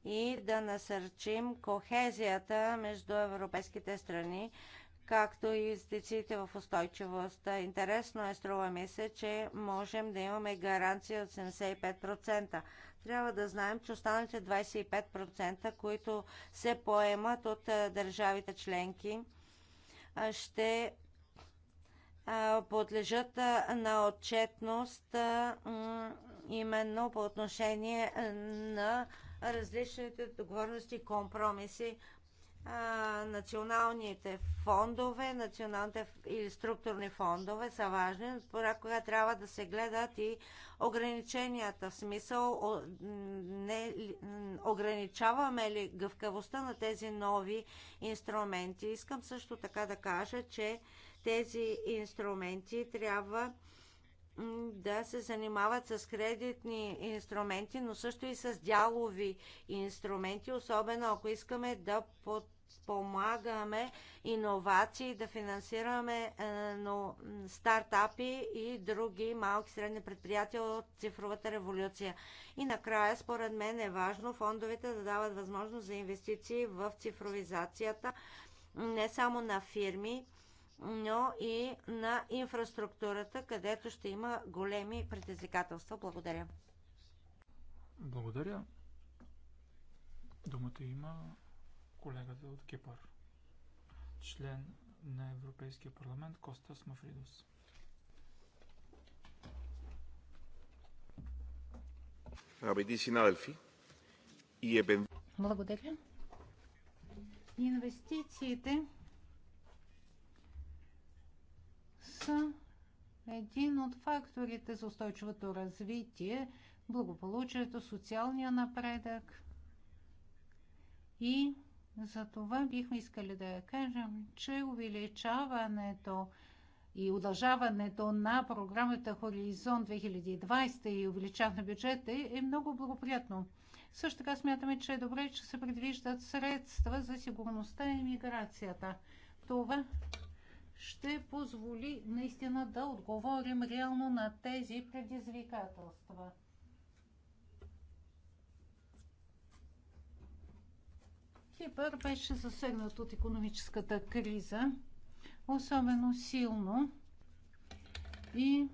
и да насърчим кохезията между европейските страни, както и инвестициите в устойчивост. Интересно е, струва ми се, че можем да имаме гаранция от 75%. Трябва да знаем, че останалите 25%, които се поемат от държавите членки, ще подлежат на отчетност именно по отношение на различните договорности и компромиси а, националните фондове, националните или структурни фондове са важни, кога трябва да се гледат и ограниченията. В смисъл, о, не, ограничаваме ли гъвкавостта на тези нови инструменти. Искам също така да кажа, че тези инструменти трябва да се занимават с кредитни инструменти, но също и с дялови инструменти, особено ако искаме да подпомагаме иновации, да финансираме е, но, стартапи и други малки и средни предприятия от цифровата революция. И накрая, според мен е важно фондовете да дават възможност за инвестиции в цифровизацията не само на фирми, но и на инфраструктурата, където ще има големи предизвикателства. Благодаря. Благодаря. Думата има колегата от Кипър, член на Европейския парламент Костас Мафридос. Благодаря. Инвестициите са един от факторите за устойчивото развитие, благополучието, социалния напредък. И за това бихме искали да кажем, че увеличаването и удължаването на програмата Хоризонт 2020 и увеличаване на бюджета е много благоприятно. Също така смятаме, че е добре, че се предвиждат средства за сигурността и миграцията. Това ще позволи наистина да отговорим реално на тези предизвикателства. Кипър беше засегнат от економическата криза, особено силно и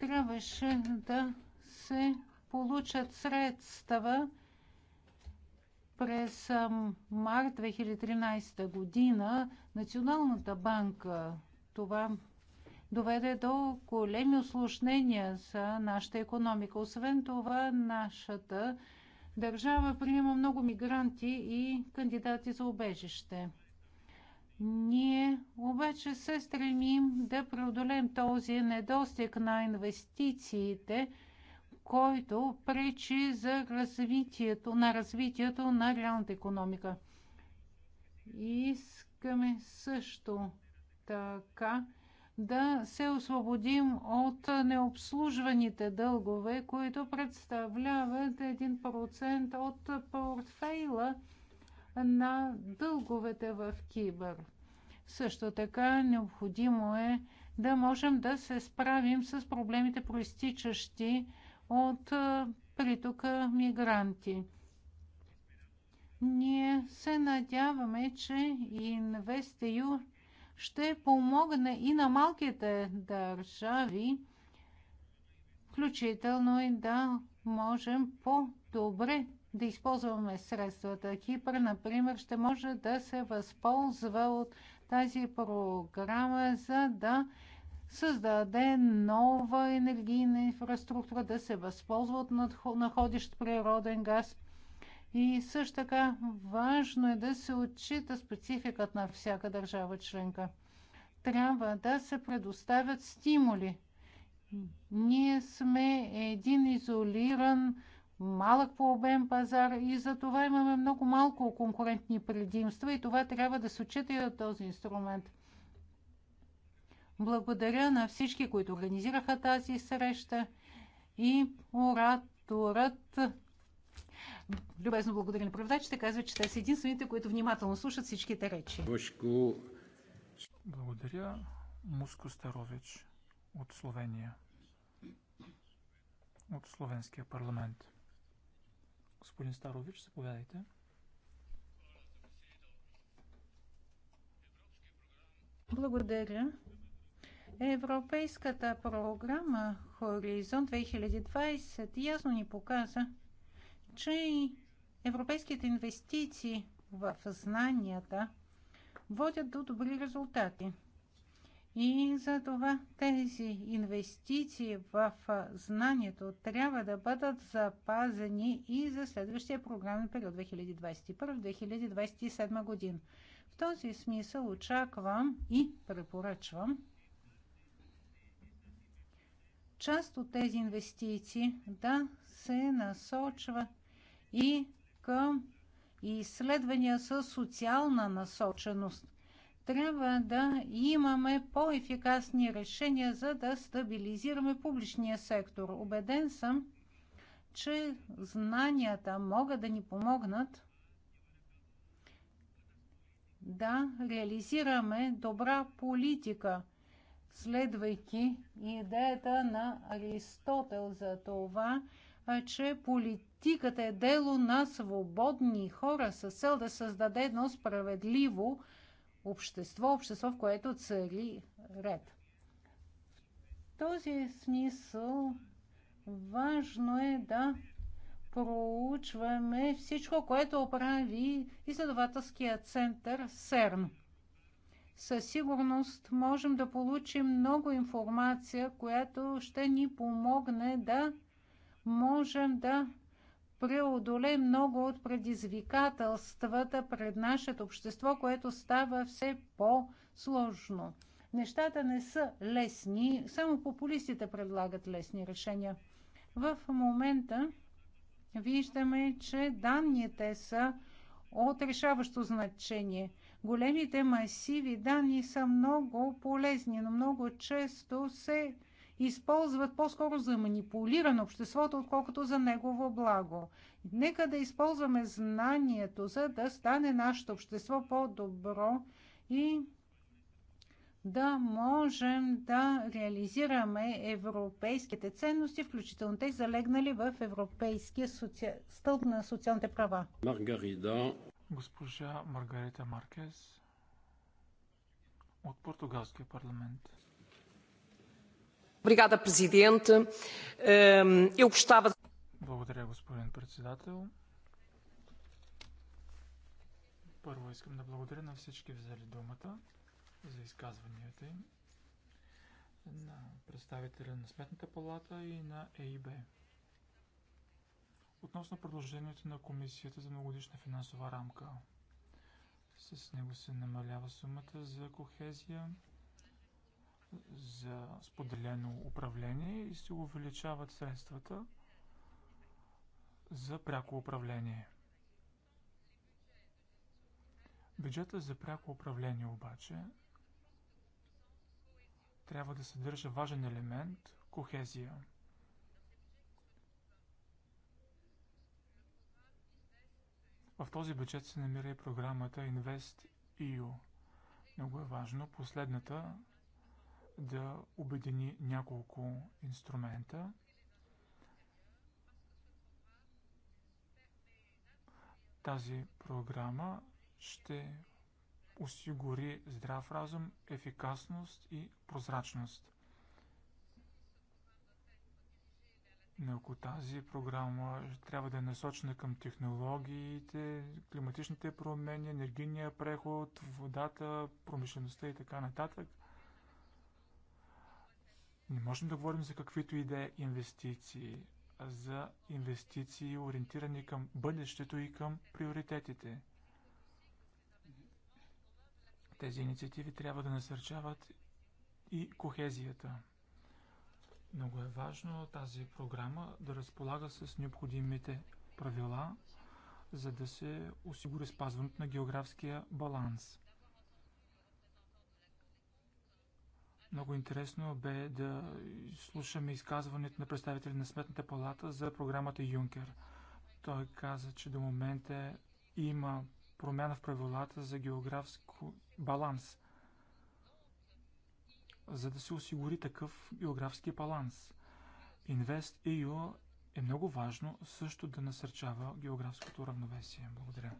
трябваше да се получат средства през март 2013 година Националната банка. Това доведе до големи осложнения за нашата економика. Освен това, нашата държава приема много мигранти и кандидати за убежище. Ние обаче се стремим да преодолем този недостиг на инвестициите, който пречи за развитието, на развитието на реалната економика. Искам искаме също така да се освободим от необслужваните дългове, които представляват 1% от портфейла на дълговете в Кибър. Също така необходимо е да можем да се справим с проблемите, проистичащи от притока мигранти. Ние се надяваме, че InvestEU ще помогне и на малките държави, включително и да можем по-добре да използваме средствата. Кипър, например, ще може да се възползва от тази програма, за да създаде нова енергийна инфраструктура, да се възползва от находищ природен газ – и също така важно е да се отчита спецификат на всяка държава членка. Трябва да се предоставят стимули. Ние сме един изолиран, малък по обем пазар и за това имаме много малко конкурентни предимства и това трябва да се отчита и от този инструмент. Благодаря на всички, които организираха тази среща и ораторът любезно благодаря на преводачите, казва, че те са единствените, които внимателно слушат всичките речи. Благодаря, Муско Старович от Словения, от Словенския парламент. Господин Старович, заповядайте. Благодаря. Европейската програма Хоризонт 2020 ясно ни показа, че и европейските инвестиции в знанията водят до добри резултати. И за това тези инвестиции в знанието трябва да бъдат запазени и за следващия програмен период 2021-2027 година. В този смисъл очаквам и препоръчвам част от тези инвестиции да се насочва и към изследвания с социална насоченост. Трябва да имаме по-ефикасни решения, за да стабилизираме публичния сектор. Обеден съм, че знанията могат да ни помогнат да реализираме добра политика, следвайки идеята на Аристотел за това, че политиката Политиката е дело на свободни хора с цел да създаде едно справедливо общество, общество, в което цари ред. В този смисъл важно е да проучваме всичко, което прави изследователския център СЕРН. Със сигурност можем да получим много информация, която ще ни помогне да можем да преодоле много от предизвикателствата пред нашето общество, което става все по-сложно. Нещата не са лесни, само популистите предлагат лесни решения. В момента виждаме, че данните са от решаващо значение. Големите масиви данни са много полезни, но много често се използват по-скоро за манипулиране на обществото, отколкото за негово благо. Нека да използваме знанието, за да стане нашето общество по-добро и да можем да реализираме европейските ценности, включително те залегнали в Европейския соци... стълб на социалните права. Маргарита. Госпожа Маргарита Маркес от Португалския парламент. Obrigada, Presidente. Ehm, eu gostava... Благодаря, господин председател. Първо искам да благодаря на всички взели думата за изказванията им, на представителя на Сметната палата и на ЕИБ. Относно предложението на Комисията за многодишна финансова рамка, с него се намалява сумата за кохезия за споделено управление и се увеличават средствата за пряко управление. Бюджета за пряко управление обаче трябва да съдържа важен елемент – кохезия. В този бюджет се намира и програмата Invest EU. Много е важно последната да обедини няколко инструмента. Тази програма ще осигури здрав разум, ефикасност и прозрачност. Но ако тази програма трябва да е насочена към технологиите, климатичните промени, енергийния преход, водата, промишлеността и така нататък – не можем да говорим за каквито и да е инвестиции, а за инвестиции ориентирани към бъдещето и към приоритетите. Тези инициативи трябва да насърчават и кохезията. Много е важно тази програма да разполага с необходимите правила, за да се осигури спазването на географския баланс. Много интересно бе да слушаме изказването на представители на Сметната палата за програмата Юнкер. Той каза, че до момента има промяна в правилата за географско баланс, за да се осигури такъв географски баланс. Инвест InvestEU е много важно също да насърчава географското равновесие. Благодаря.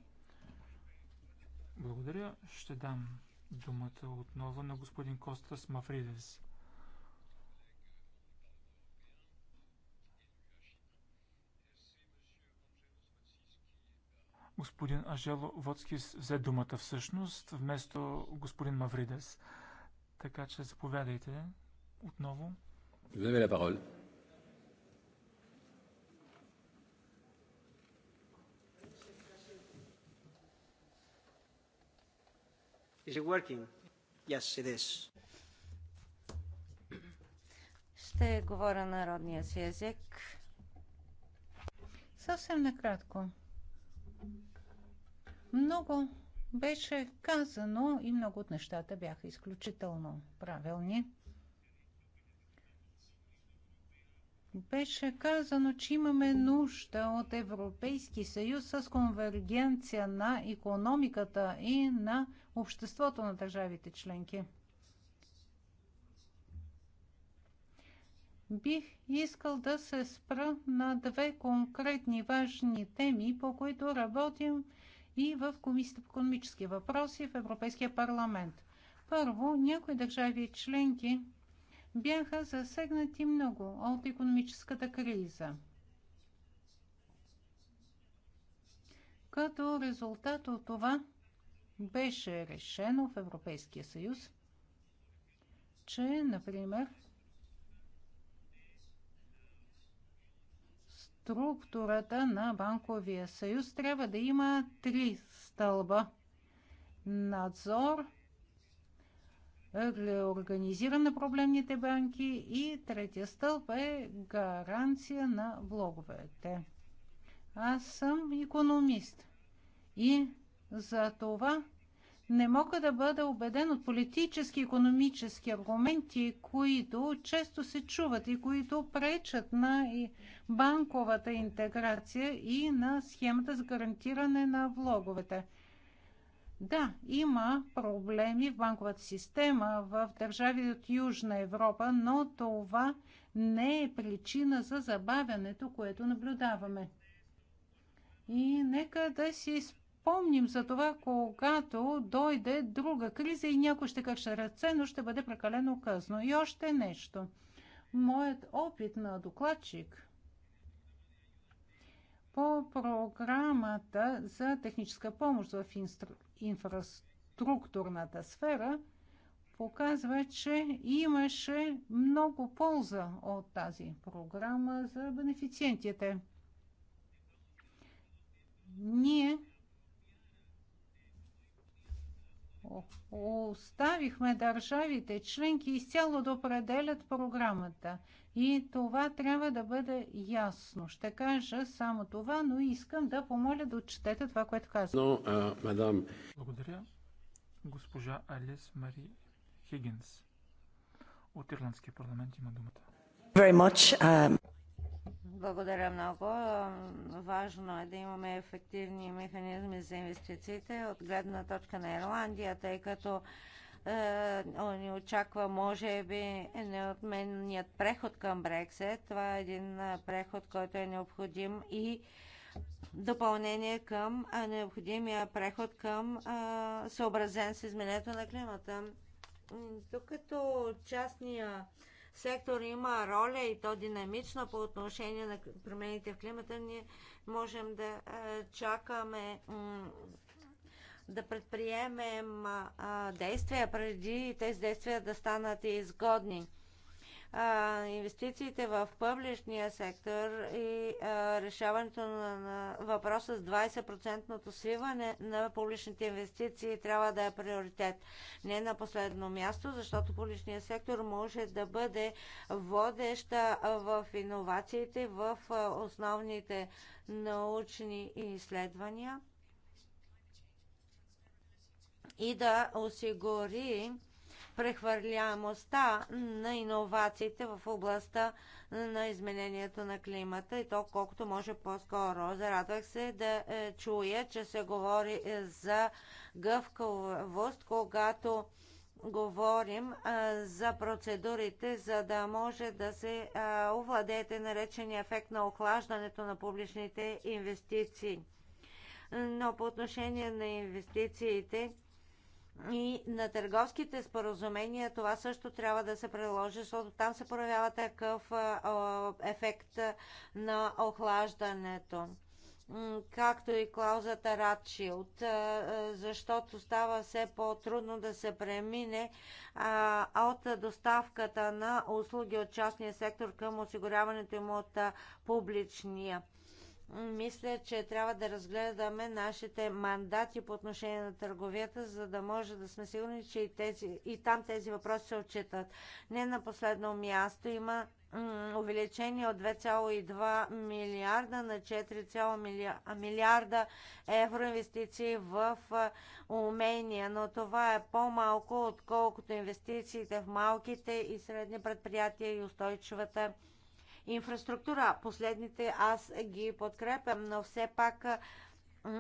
Благодаря. Ще дам думата отново на господин Костас Мафридес. Господин Ажело Водскис взе думата всъщност, вместо господин Мавридес. Така че заповядайте отново. Vous avez la parole. Is it working? Yes, it is. Ще говоря народния си език. Съвсем накратко. Много беше казано и много от нещата бяха изключително правилни. Беше казано, че имаме нужда от Европейски съюз с конвергенция на економиката и на обществото на държавите членки. Бих искал да се спра на две конкретни важни теми, по които работим и в Комисията по економически въпроси в Европейския парламент. Първо, някои държави членки бяха засегнати много от економическата криза. Като резултат от това беше решено в Европейския съюз, че, например, структурата на банковия съюз трябва да има три стълба. Надзор, реорганизиране на проблемните банки и третия стълб е гаранция на влоговете. Аз съм економист и за това не мога да бъда убеден от политически и економически аргументи, които често се чуват и които пречат на банковата интеграция и на схемата за гарантиране на влоговете. Да, има проблеми в банковата система в държави от Южна Европа, но това не е причина за забавянето, което наблюдаваме. И нека да си помним за това, когато дойде друга криза и някой ще каже ръце, но ще бъде прекалено късно. И още нещо. Моят опит на докладчик по програмата за техническа помощ в инфраструктурната сфера показва, че имаше много полза от тази програма за бенефициентите. Ние оставихме държавите членки изцяло да определят програмата. И това трябва да бъде ясно. Ще кажа само това, но искам да помоля да отчетете това, което казвам. Но, а, мадам. Благодаря. Госпожа Алис Мари Хигинс от Ирландския парламент има думата. Very much. Um... Благодаря много. Важно е да имаме ефективни механизми за инвестициите от гледна точка на Ирландия, тъй като е, ни очаква, може би, неотменният преход към Брексит. Това е един е, преход, който е необходим и допълнение към е, необходимия преход към съобразен с изменението на климата. Тук като частния сектор има роля и то динамична по отношение на промените в климата, ние можем да чакаме да предприемем действия преди тези действия да станат изгодни а, инвестициите в публичния сектор и а, решаването на, на въпроса с 20 свиване на публичните инвестиции трябва да е приоритет. Не на последно място, защото публичният сектор може да бъде водеща в иновациите, в основните научни изследвания и да осигури прехвърлямостта на иновациите в областта на изменението на климата и то колкото може по-скоро. Зарадвах се да е, чуя, че се говори е, за гъвкавост, когато говорим а, е, за процедурите, за да може да се а, наречения ефект на охлаждането на публичните инвестиции. Но по отношение на инвестициите, и на търговските споразумения това също трябва да се приложи, защото там се проявява такъв ефект на охлаждането както и клаузата Радшилд, защото става все по-трудно да се премине от доставката на услуги от частния сектор към осигуряването им от публичния мисля, че трябва да разгледаме нашите мандати по отношение на търговията, за да може да сме сигурни, че и, тези, и там тези въпроси се отчитат. Не на последно място има увеличение от 2,2 милиарда на 4 милиарда евро инвестиции в умения, но това е по-малко, отколкото инвестициите в малките и средни предприятия и устойчивата инфраструктура. Последните аз ги подкрепям, но все пак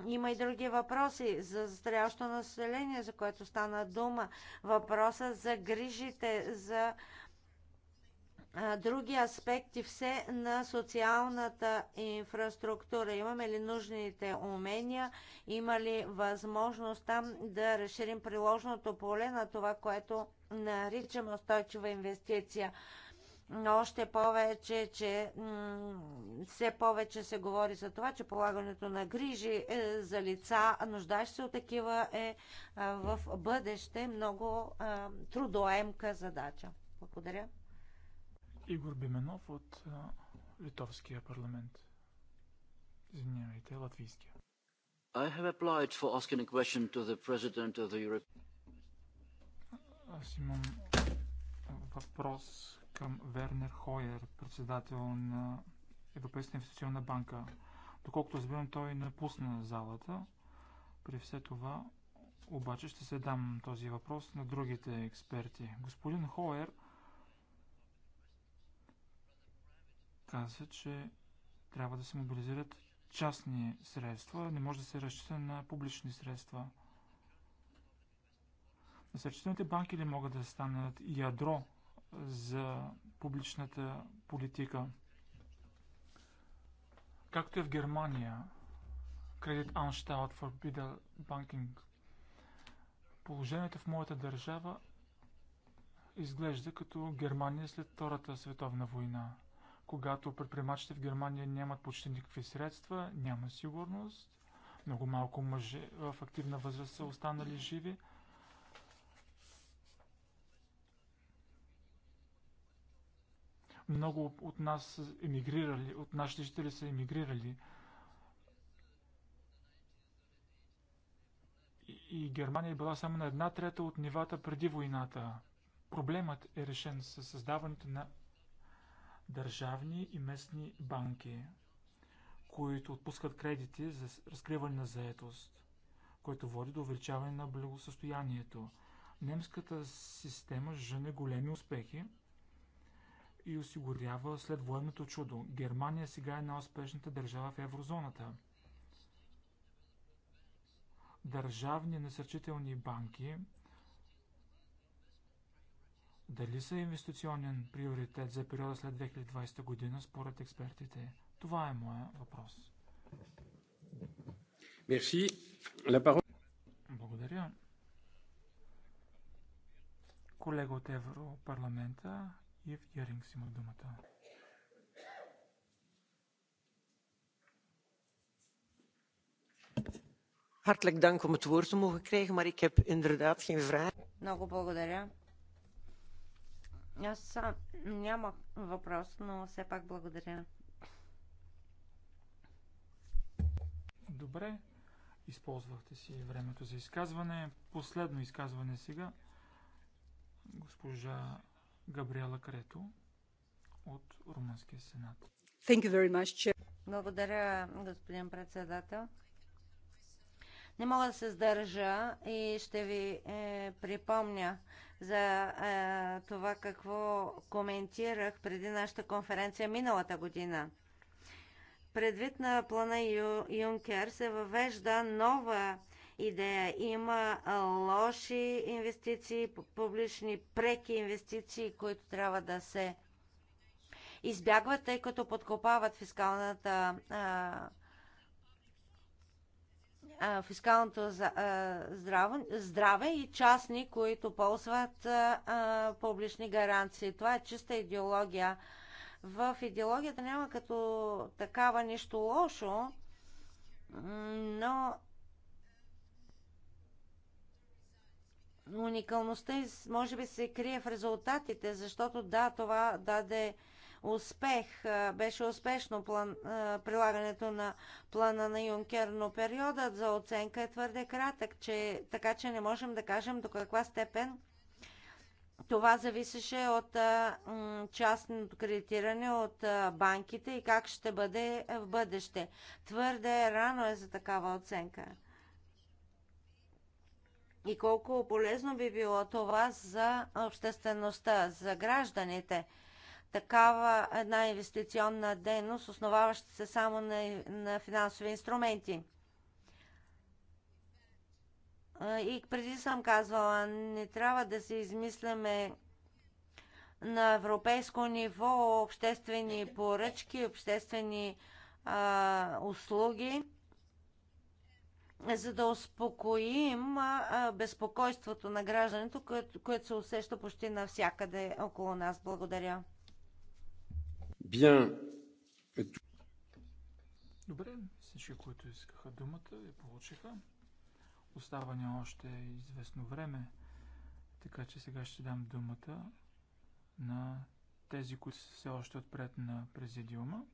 има и други въпроси за застаряващо население, за което стана дума. Въпроса за грижите, за други аспекти все на социалната инфраструктура. Имаме ли нужните умения? Има ли възможност там да разширим приложното поле на това, което наричаме устойчива инвестиция? но Още повече, че все повече се говори за това, че полагането на грижи е, за лица, нуждащи се от такива, е, е в бъдеще много е, трудоемка задача. Благодаря. Игор Бименов от Литовския парламент. Извинявайте, латвийския. I have applied for asking a question to the President of the European... Аз имам въпрос към Вернер Хойер, председател на Европейската инвестиционна банка. Доколкото разбирам, той напусна залата. При все това, обаче, ще се дам този въпрос на другите експерти. Господин Хоер каза, че трябва да се мобилизират частни средства, не може да се разчита на публични средства. Насърчителните банки ли могат да станат ядро за публичната политика. Както е в Германия, кредит Anstalt for Bidder Banking. Положението в моята държава изглежда като Германия след Втората световна война, когато предприемачите в Германия нямат почти никакви средства, няма сигурност, много малко мъже в активна възраст са останали живи – Много от нас са емигрирали, от нашите жители са емигрирали. И Германия е била само на една трета от нивата преди войната. Проблемът е решен с създаването на държавни и местни банки, които отпускат кредити за разкриване на заетост, което води до увеличаване на благосъстоянието. Немската система жене големи успехи – и осигурява след военното чудо. Германия сега е най-успешната държава в еврозоната. Държавни насърчителни банки дали са инвестиционен приоритет за периода след 2020 година според експертите? Това е моя въпрос. Благодаря. Колега от Европарламента Ив Ярингс има думата. Hartelijk dank om het woord te mogen krijgen, maar ik heb inderdaad geen vraag. Много благодаря. Аз сам няма въпрос, но все пак благодаря. Добре, използвахте си времето за изказване. Последно изказване сега. Госпожа Габриела Крето от Румънския сенат. Благодаря, господин председател. Не мога да се сдържа и ще ви е, припомня за е, това какво коментирах преди нашата конференция миналата година. Предвид на плана Ю, Юнкер се въвежда нова идея. Има лоши инвестиции, публични преки инвестиции, които трябва да се избягват, тъй като подкопават фискалната фискалното здраве и частни, които ползват публични гаранции. Това е чиста идеология. В идеологията няма като такава нищо лошо, но уникалността може би се крие в резултатите, защото да, това даде успех. Беше успешно план, прилагането на плана на Юнкер, но периодът за оценка е твърде кратък, че, така че не можем да кажем до каква степен това зависеше от частното кредитиране от банките и как ще бъде в бъдеще. Твърде рано е за такава оценка и колко полезно би било това за обществеността, за гражданите. Такава една инвестиционна дейност, основаваща се само на, на финансови инструменти. И преди съм казвала, не трябва да се измисляме на европейско ниво обществени поръчки, обществени а, услуги за да успокоим безпокойството на граждането, което, което се усеща почти навсякъде около нас. Благодаря. Bien. Добре, всички, които искаха думата, я получиха. Остава ни още известно време, така че сега ще дам думата на тези, които са все още отпред на президиума,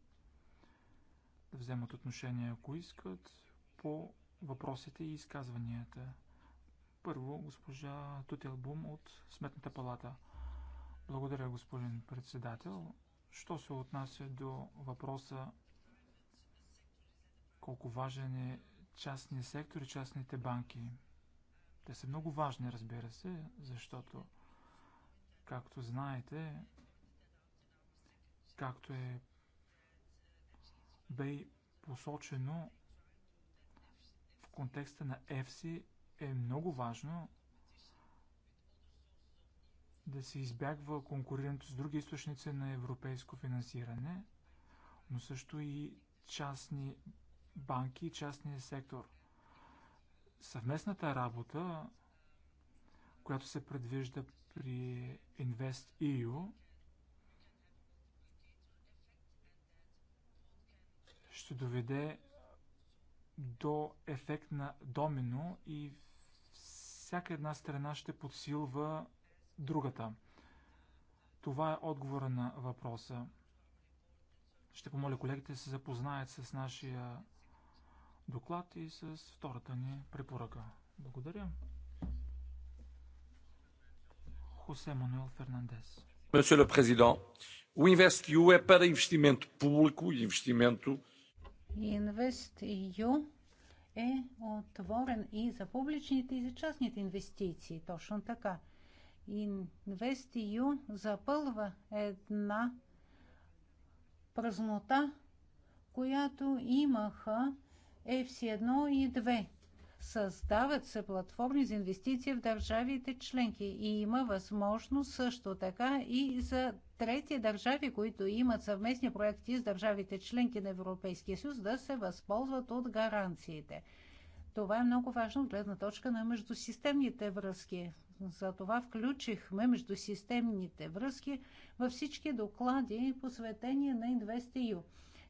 да вземат отношение, ако искат, по въпросите и изказванията. Първо, госпожа Тутелбум от Сметната палата. Благодаря, господин председател. Що се отнася до въпроса колко важен е частния сектор и частните банки? Те са много важни, разбира се, защото, както знаете, както е бе посочено, контекста на ЕФСИ е много важно да се избягва конкурирането с други източници на европейско финансиране, но също и частни банки и частния сектор. Съвместната работа, която се предвижда при InvestEU, ще доведе до ефект на домино и всяка една страна ще подсилва другата. Това е отговора на въпроса. Ще помоля колегите да се запознаят с нашия доклад и с втората ни препоръка. Благодаря. Хосе Мануел Фернандес. Monsieur президент, Уинвест o InvestEU é para investimento público e InvestEU е отворен и за публичните и за частните инвестиции. Точно така. InvestEU запълва една празнота, която имаха FC1 и 2. Създават се платформи за инвестиции в държавите членки и има възможност също така и за трети държави, които имат съвместни проекти с държавите членки на Европейския съюз, да се възползват от гаранциите. Това е много важно от гледна точка на междусистемните връзки. Затова включихме междусистемните връзки във всички доклади, посветени на InvestEU.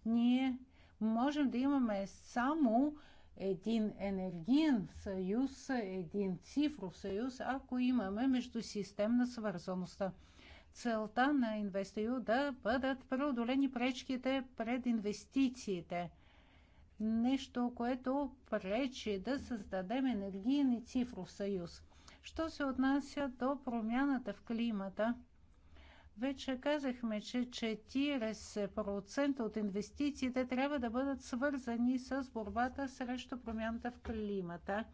Ние можем да имаме само един енергиен съюз, един цифров съюз, ако имаме междусистемна свързаността. Целта на InvestEU е да бъдат преодолени пречките пред инвестициите. Нещо, което пречи да създадем енергиен и цифров съюз. Що се отнася до промяната в климата, вече казахме, че 40% от инвестициите трябва да бъдат свързани с борбата срещу промяната в климата.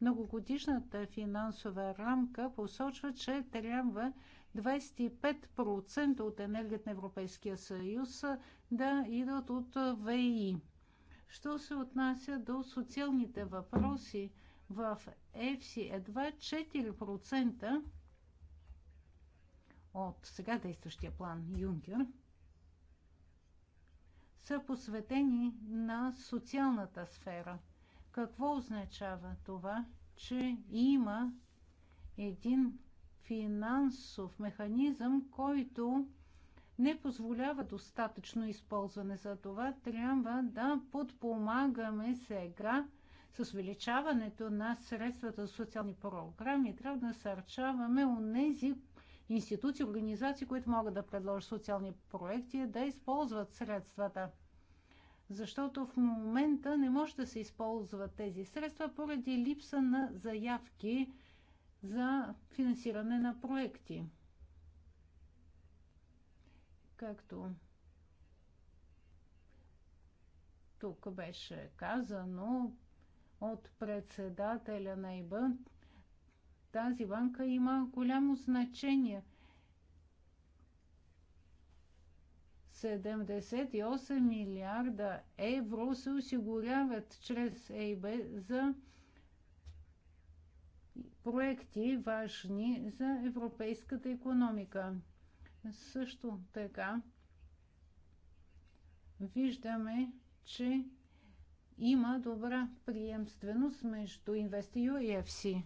Многогодишната финансова рамка посочва, че трябва 25% от енергията на Европейския съюз да идват от ВИ. Що се отнася до социалните въпроси, в ЕФСИ едва 4% от сега действащия план Юнкер са посветени на социалната сфера. Какво означава това? Че има един финансов механизъм, който не позволява достатъчно използване. За това трябва да подпомагаме сега с увеличаването на средствата за социални програми. Трябва да насърчаваме нези институции, организации, които могат да предложат социални проекти, да използват средствата. Защото в момента не може да се използват тези средства поради липса на заявки за финансиране на проекти. Както тук беше казано от председателя на ИБ, тази банка има голямо значение. 78 милиарда евро се осигуряват чрез ЕИБ за проекти важни за европейската економика. Също така виждаме, че има добра приемственост между InvestEU и EFSI.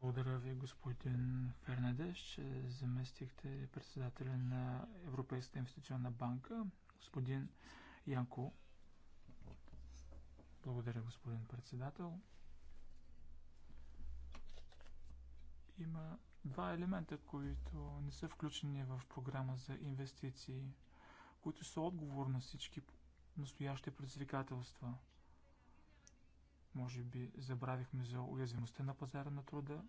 Благодаря ви, господин Фернадеш, че заместихте председателя на Европейската инвестиционна банка, господин Янко. Благодаря, господин председател. Има два елемента, които не са включени в програма за инвестиции, които са отговор на всички настоящи предизвикателства – може би забравихме за уязвимостта на пазара на труда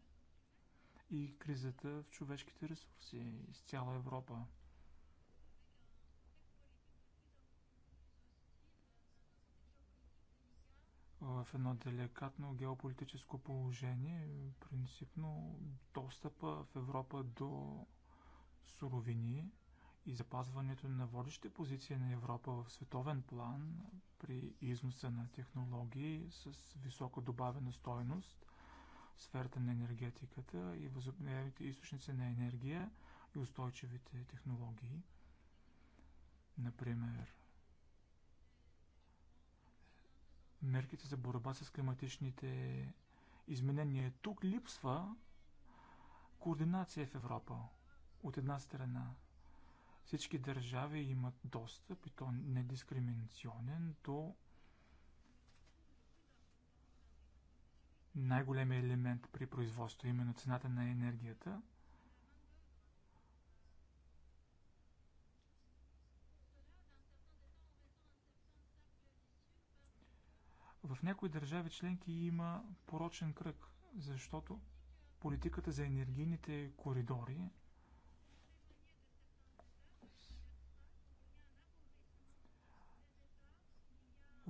и кризата в човешките ресурси из цяла Европа. в едно деликатно геополитическо положение, принципно достъпа в Европа до суровини и запазването на водеща позиция на Европа в световен план при износа на технологии с висока добавена стойност в сферата на енергетиката и възобновяемите източници на енергия и устойчивите технологии. Например, мерките за борба с климатичните изменения. Тук липсва координация в Европа от една страна всички държави имат достъп, и то недискриминационен, до най-големия елемент при производство, именно цената на енергията. В някои държави членки има порочен кръг, защото политиката за енергийните коридори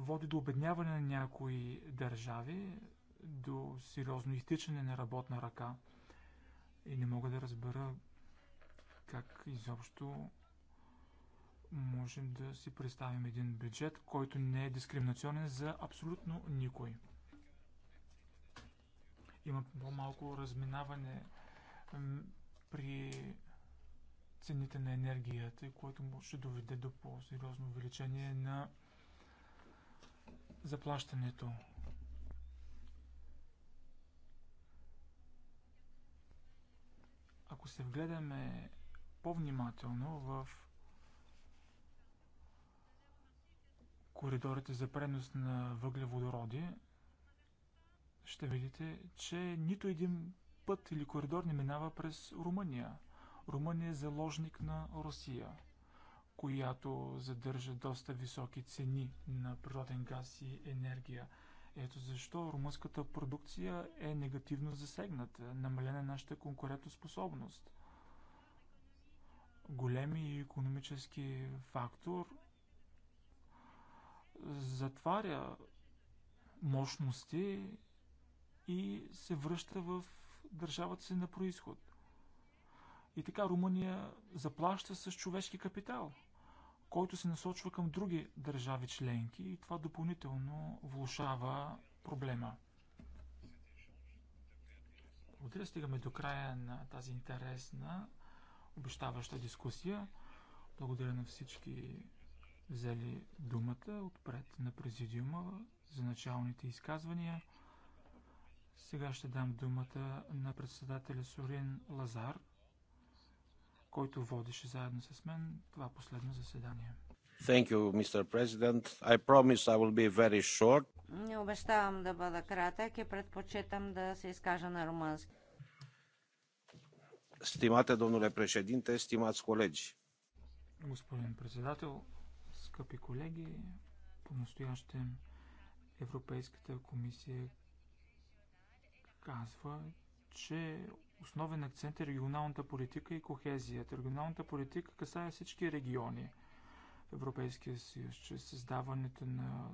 води до обедняване на някои държави, до сериозно изтичане на работна ръка. И не мога да разбера как изобщо можем да си представим един бюджет, който не е дискриминационен за абсолютно никой. Има по-малко разминаване при цените на енергията, което ще доведе до по-сериозно увеличение на заплащането. Ако се вгледаме по-внимателно в коридорите за пренос на въглеводороди, ще видите, че нито един път или коридор не минава през Румъния. Румъния е заложник на Русия която задържа доста високи цени на природен газ и енергия. Ето защо румънската продукция е негативно засегната, намалена е нашата конкурентоспособност. Големи економически фактор затваря мощности и се връща в държавата си на происход. И така Румъния заплаща с човешки капитал който се насочва към други държави членки и това допълнително влушава проблема. Благодаря, стигаме до края на тази интересна, обещаваща дискусия. Благодаря на всички взели думата отпред на президиума за началните изказвания. Сега ще дам думата на председателя Сорин Лазар – който водеше заедно с мен това последно заседание. Thank you, Mr. President. I promise I will be very short. Не обещавам да бъда кратък и предпочитам да се изкажа на румънски. Стимате, domnule președинте, стимați колеги. Господин председател, скъпи колеги, по-настоящем Европейската комисия казва, че основен акцент е регионалната политика и кохезията. Регионалната политика касае всички региони в Европейския съюз, чрез създаването на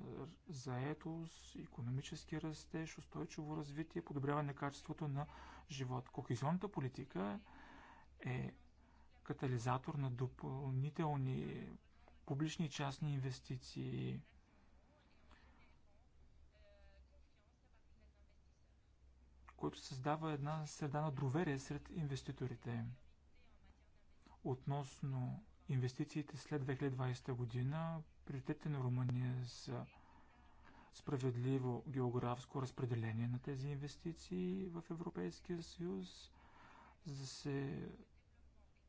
заетост, економически растеж, устойчиво развитие, подобряване на качеството на живот. Кохезионната политика е катализатор на допълнителни публични и частни инвестиции – което създава една среда на доверие сред инвеститорите. Относно инвестициите след 2020 година, приоритетите на Румъния са справедливо географско разпределение на тези инвестиции в Европейския съюз, за да се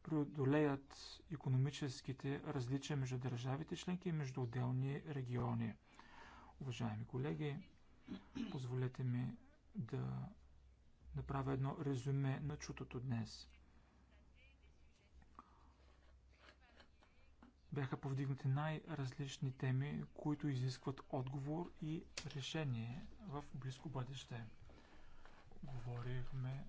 преодолеят економическите различия между държавите членки и между отделни региони. Уважаеми колеги, позволете ми да направя едно резюме на чутото днес. Бяха повдигнати най-различни теми, които изискват отговор и решение в близко бъдеще. Говорихме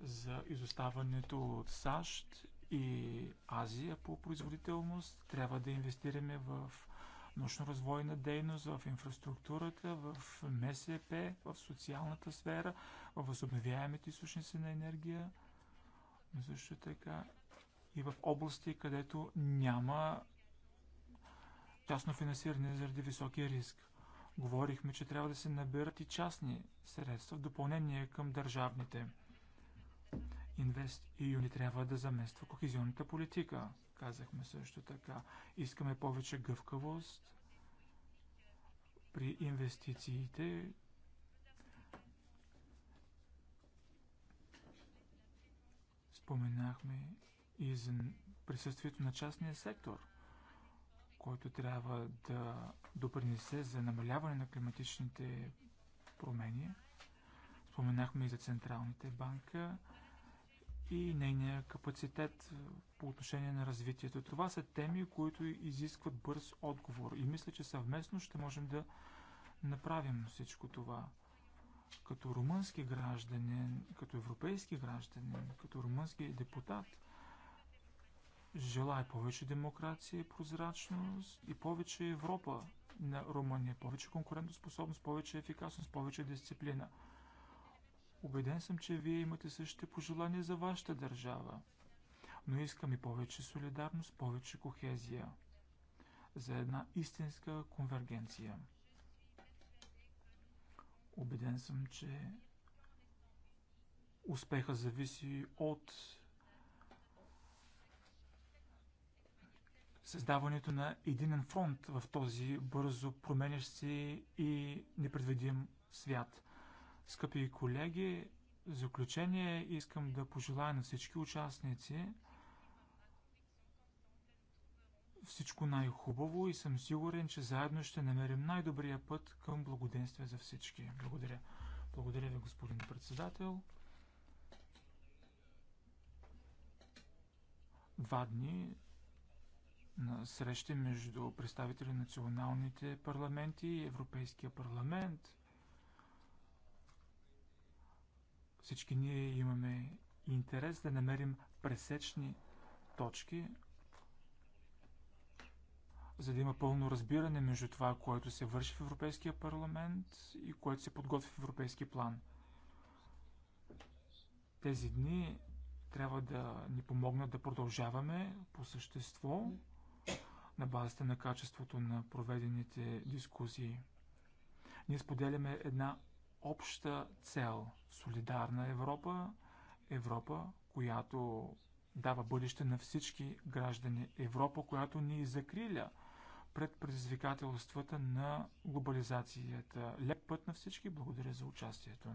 за изоставането от САЩ и Азия по производителност. Трябва да инвестираме в научно-развойна дейност, в инфраструктурата, в МСП, в социалната сфера, в възобновяемите източници на енергия, но също така и в области, където няма частно финансиране заради високия риск. Говорихме, че трябва да се набират и частни средства в допълнение към държавните. Инвест и Юни трябва да замества кохезионната политика. Казахме също така, искаме повече гъвкавост при инвестициите. Споменахме и за присъствието на частния сектор, който трябва да допринесе за намаляване на климатичните промени. Споменахме и за Централните банка, и нейния капацитет по отношение на развитието. Това са теми, които изискват бърз отговор и мисля, че съвместно ще можем да направим всичко това. Като румънски гражданин, като европейски гражданин, като румънски депутат, желая повече демокрация, прозрачност и повече Европа на Румъния, повече конкурентоспособност, повече ефикасност, повече дисциплина – Убеден съм, че вие имате същите пожелания за вашата държава. Но искам и повече солидарност, повече кохезия. За една истинска конвергенция. Убеден съм, че успеха зависи от създаването на единен фронт в този бързо променящ се и непредвидим свят. Скъпи колеги, в заключение искам да пожелая на всички участници всичко най-хубаво и съм сигурен, че заедно ще намерим най-добрия път към благоденствие за всички. Благодаря. Благодаря ви, господин председател. Два дни на срещи между представители на националните парламенти и Европейския парламент – Всички ние имаме интерес да намерим пресечни точки, за да има пълно разбиране между това, което се върши в Европейския парламент и което се подготви в европейски план. Тези дни трябва да ни помогнат да продължаваме по същество на базата на качеството на проведените дискусии. Ние споделяме една обща цел – солидарна Европа, Европа, която дава бъдеще на всички граждани, Европа, която ни закриля пред предизвикателствата на глобализацията. Лек път на всички. Благодаря за участието.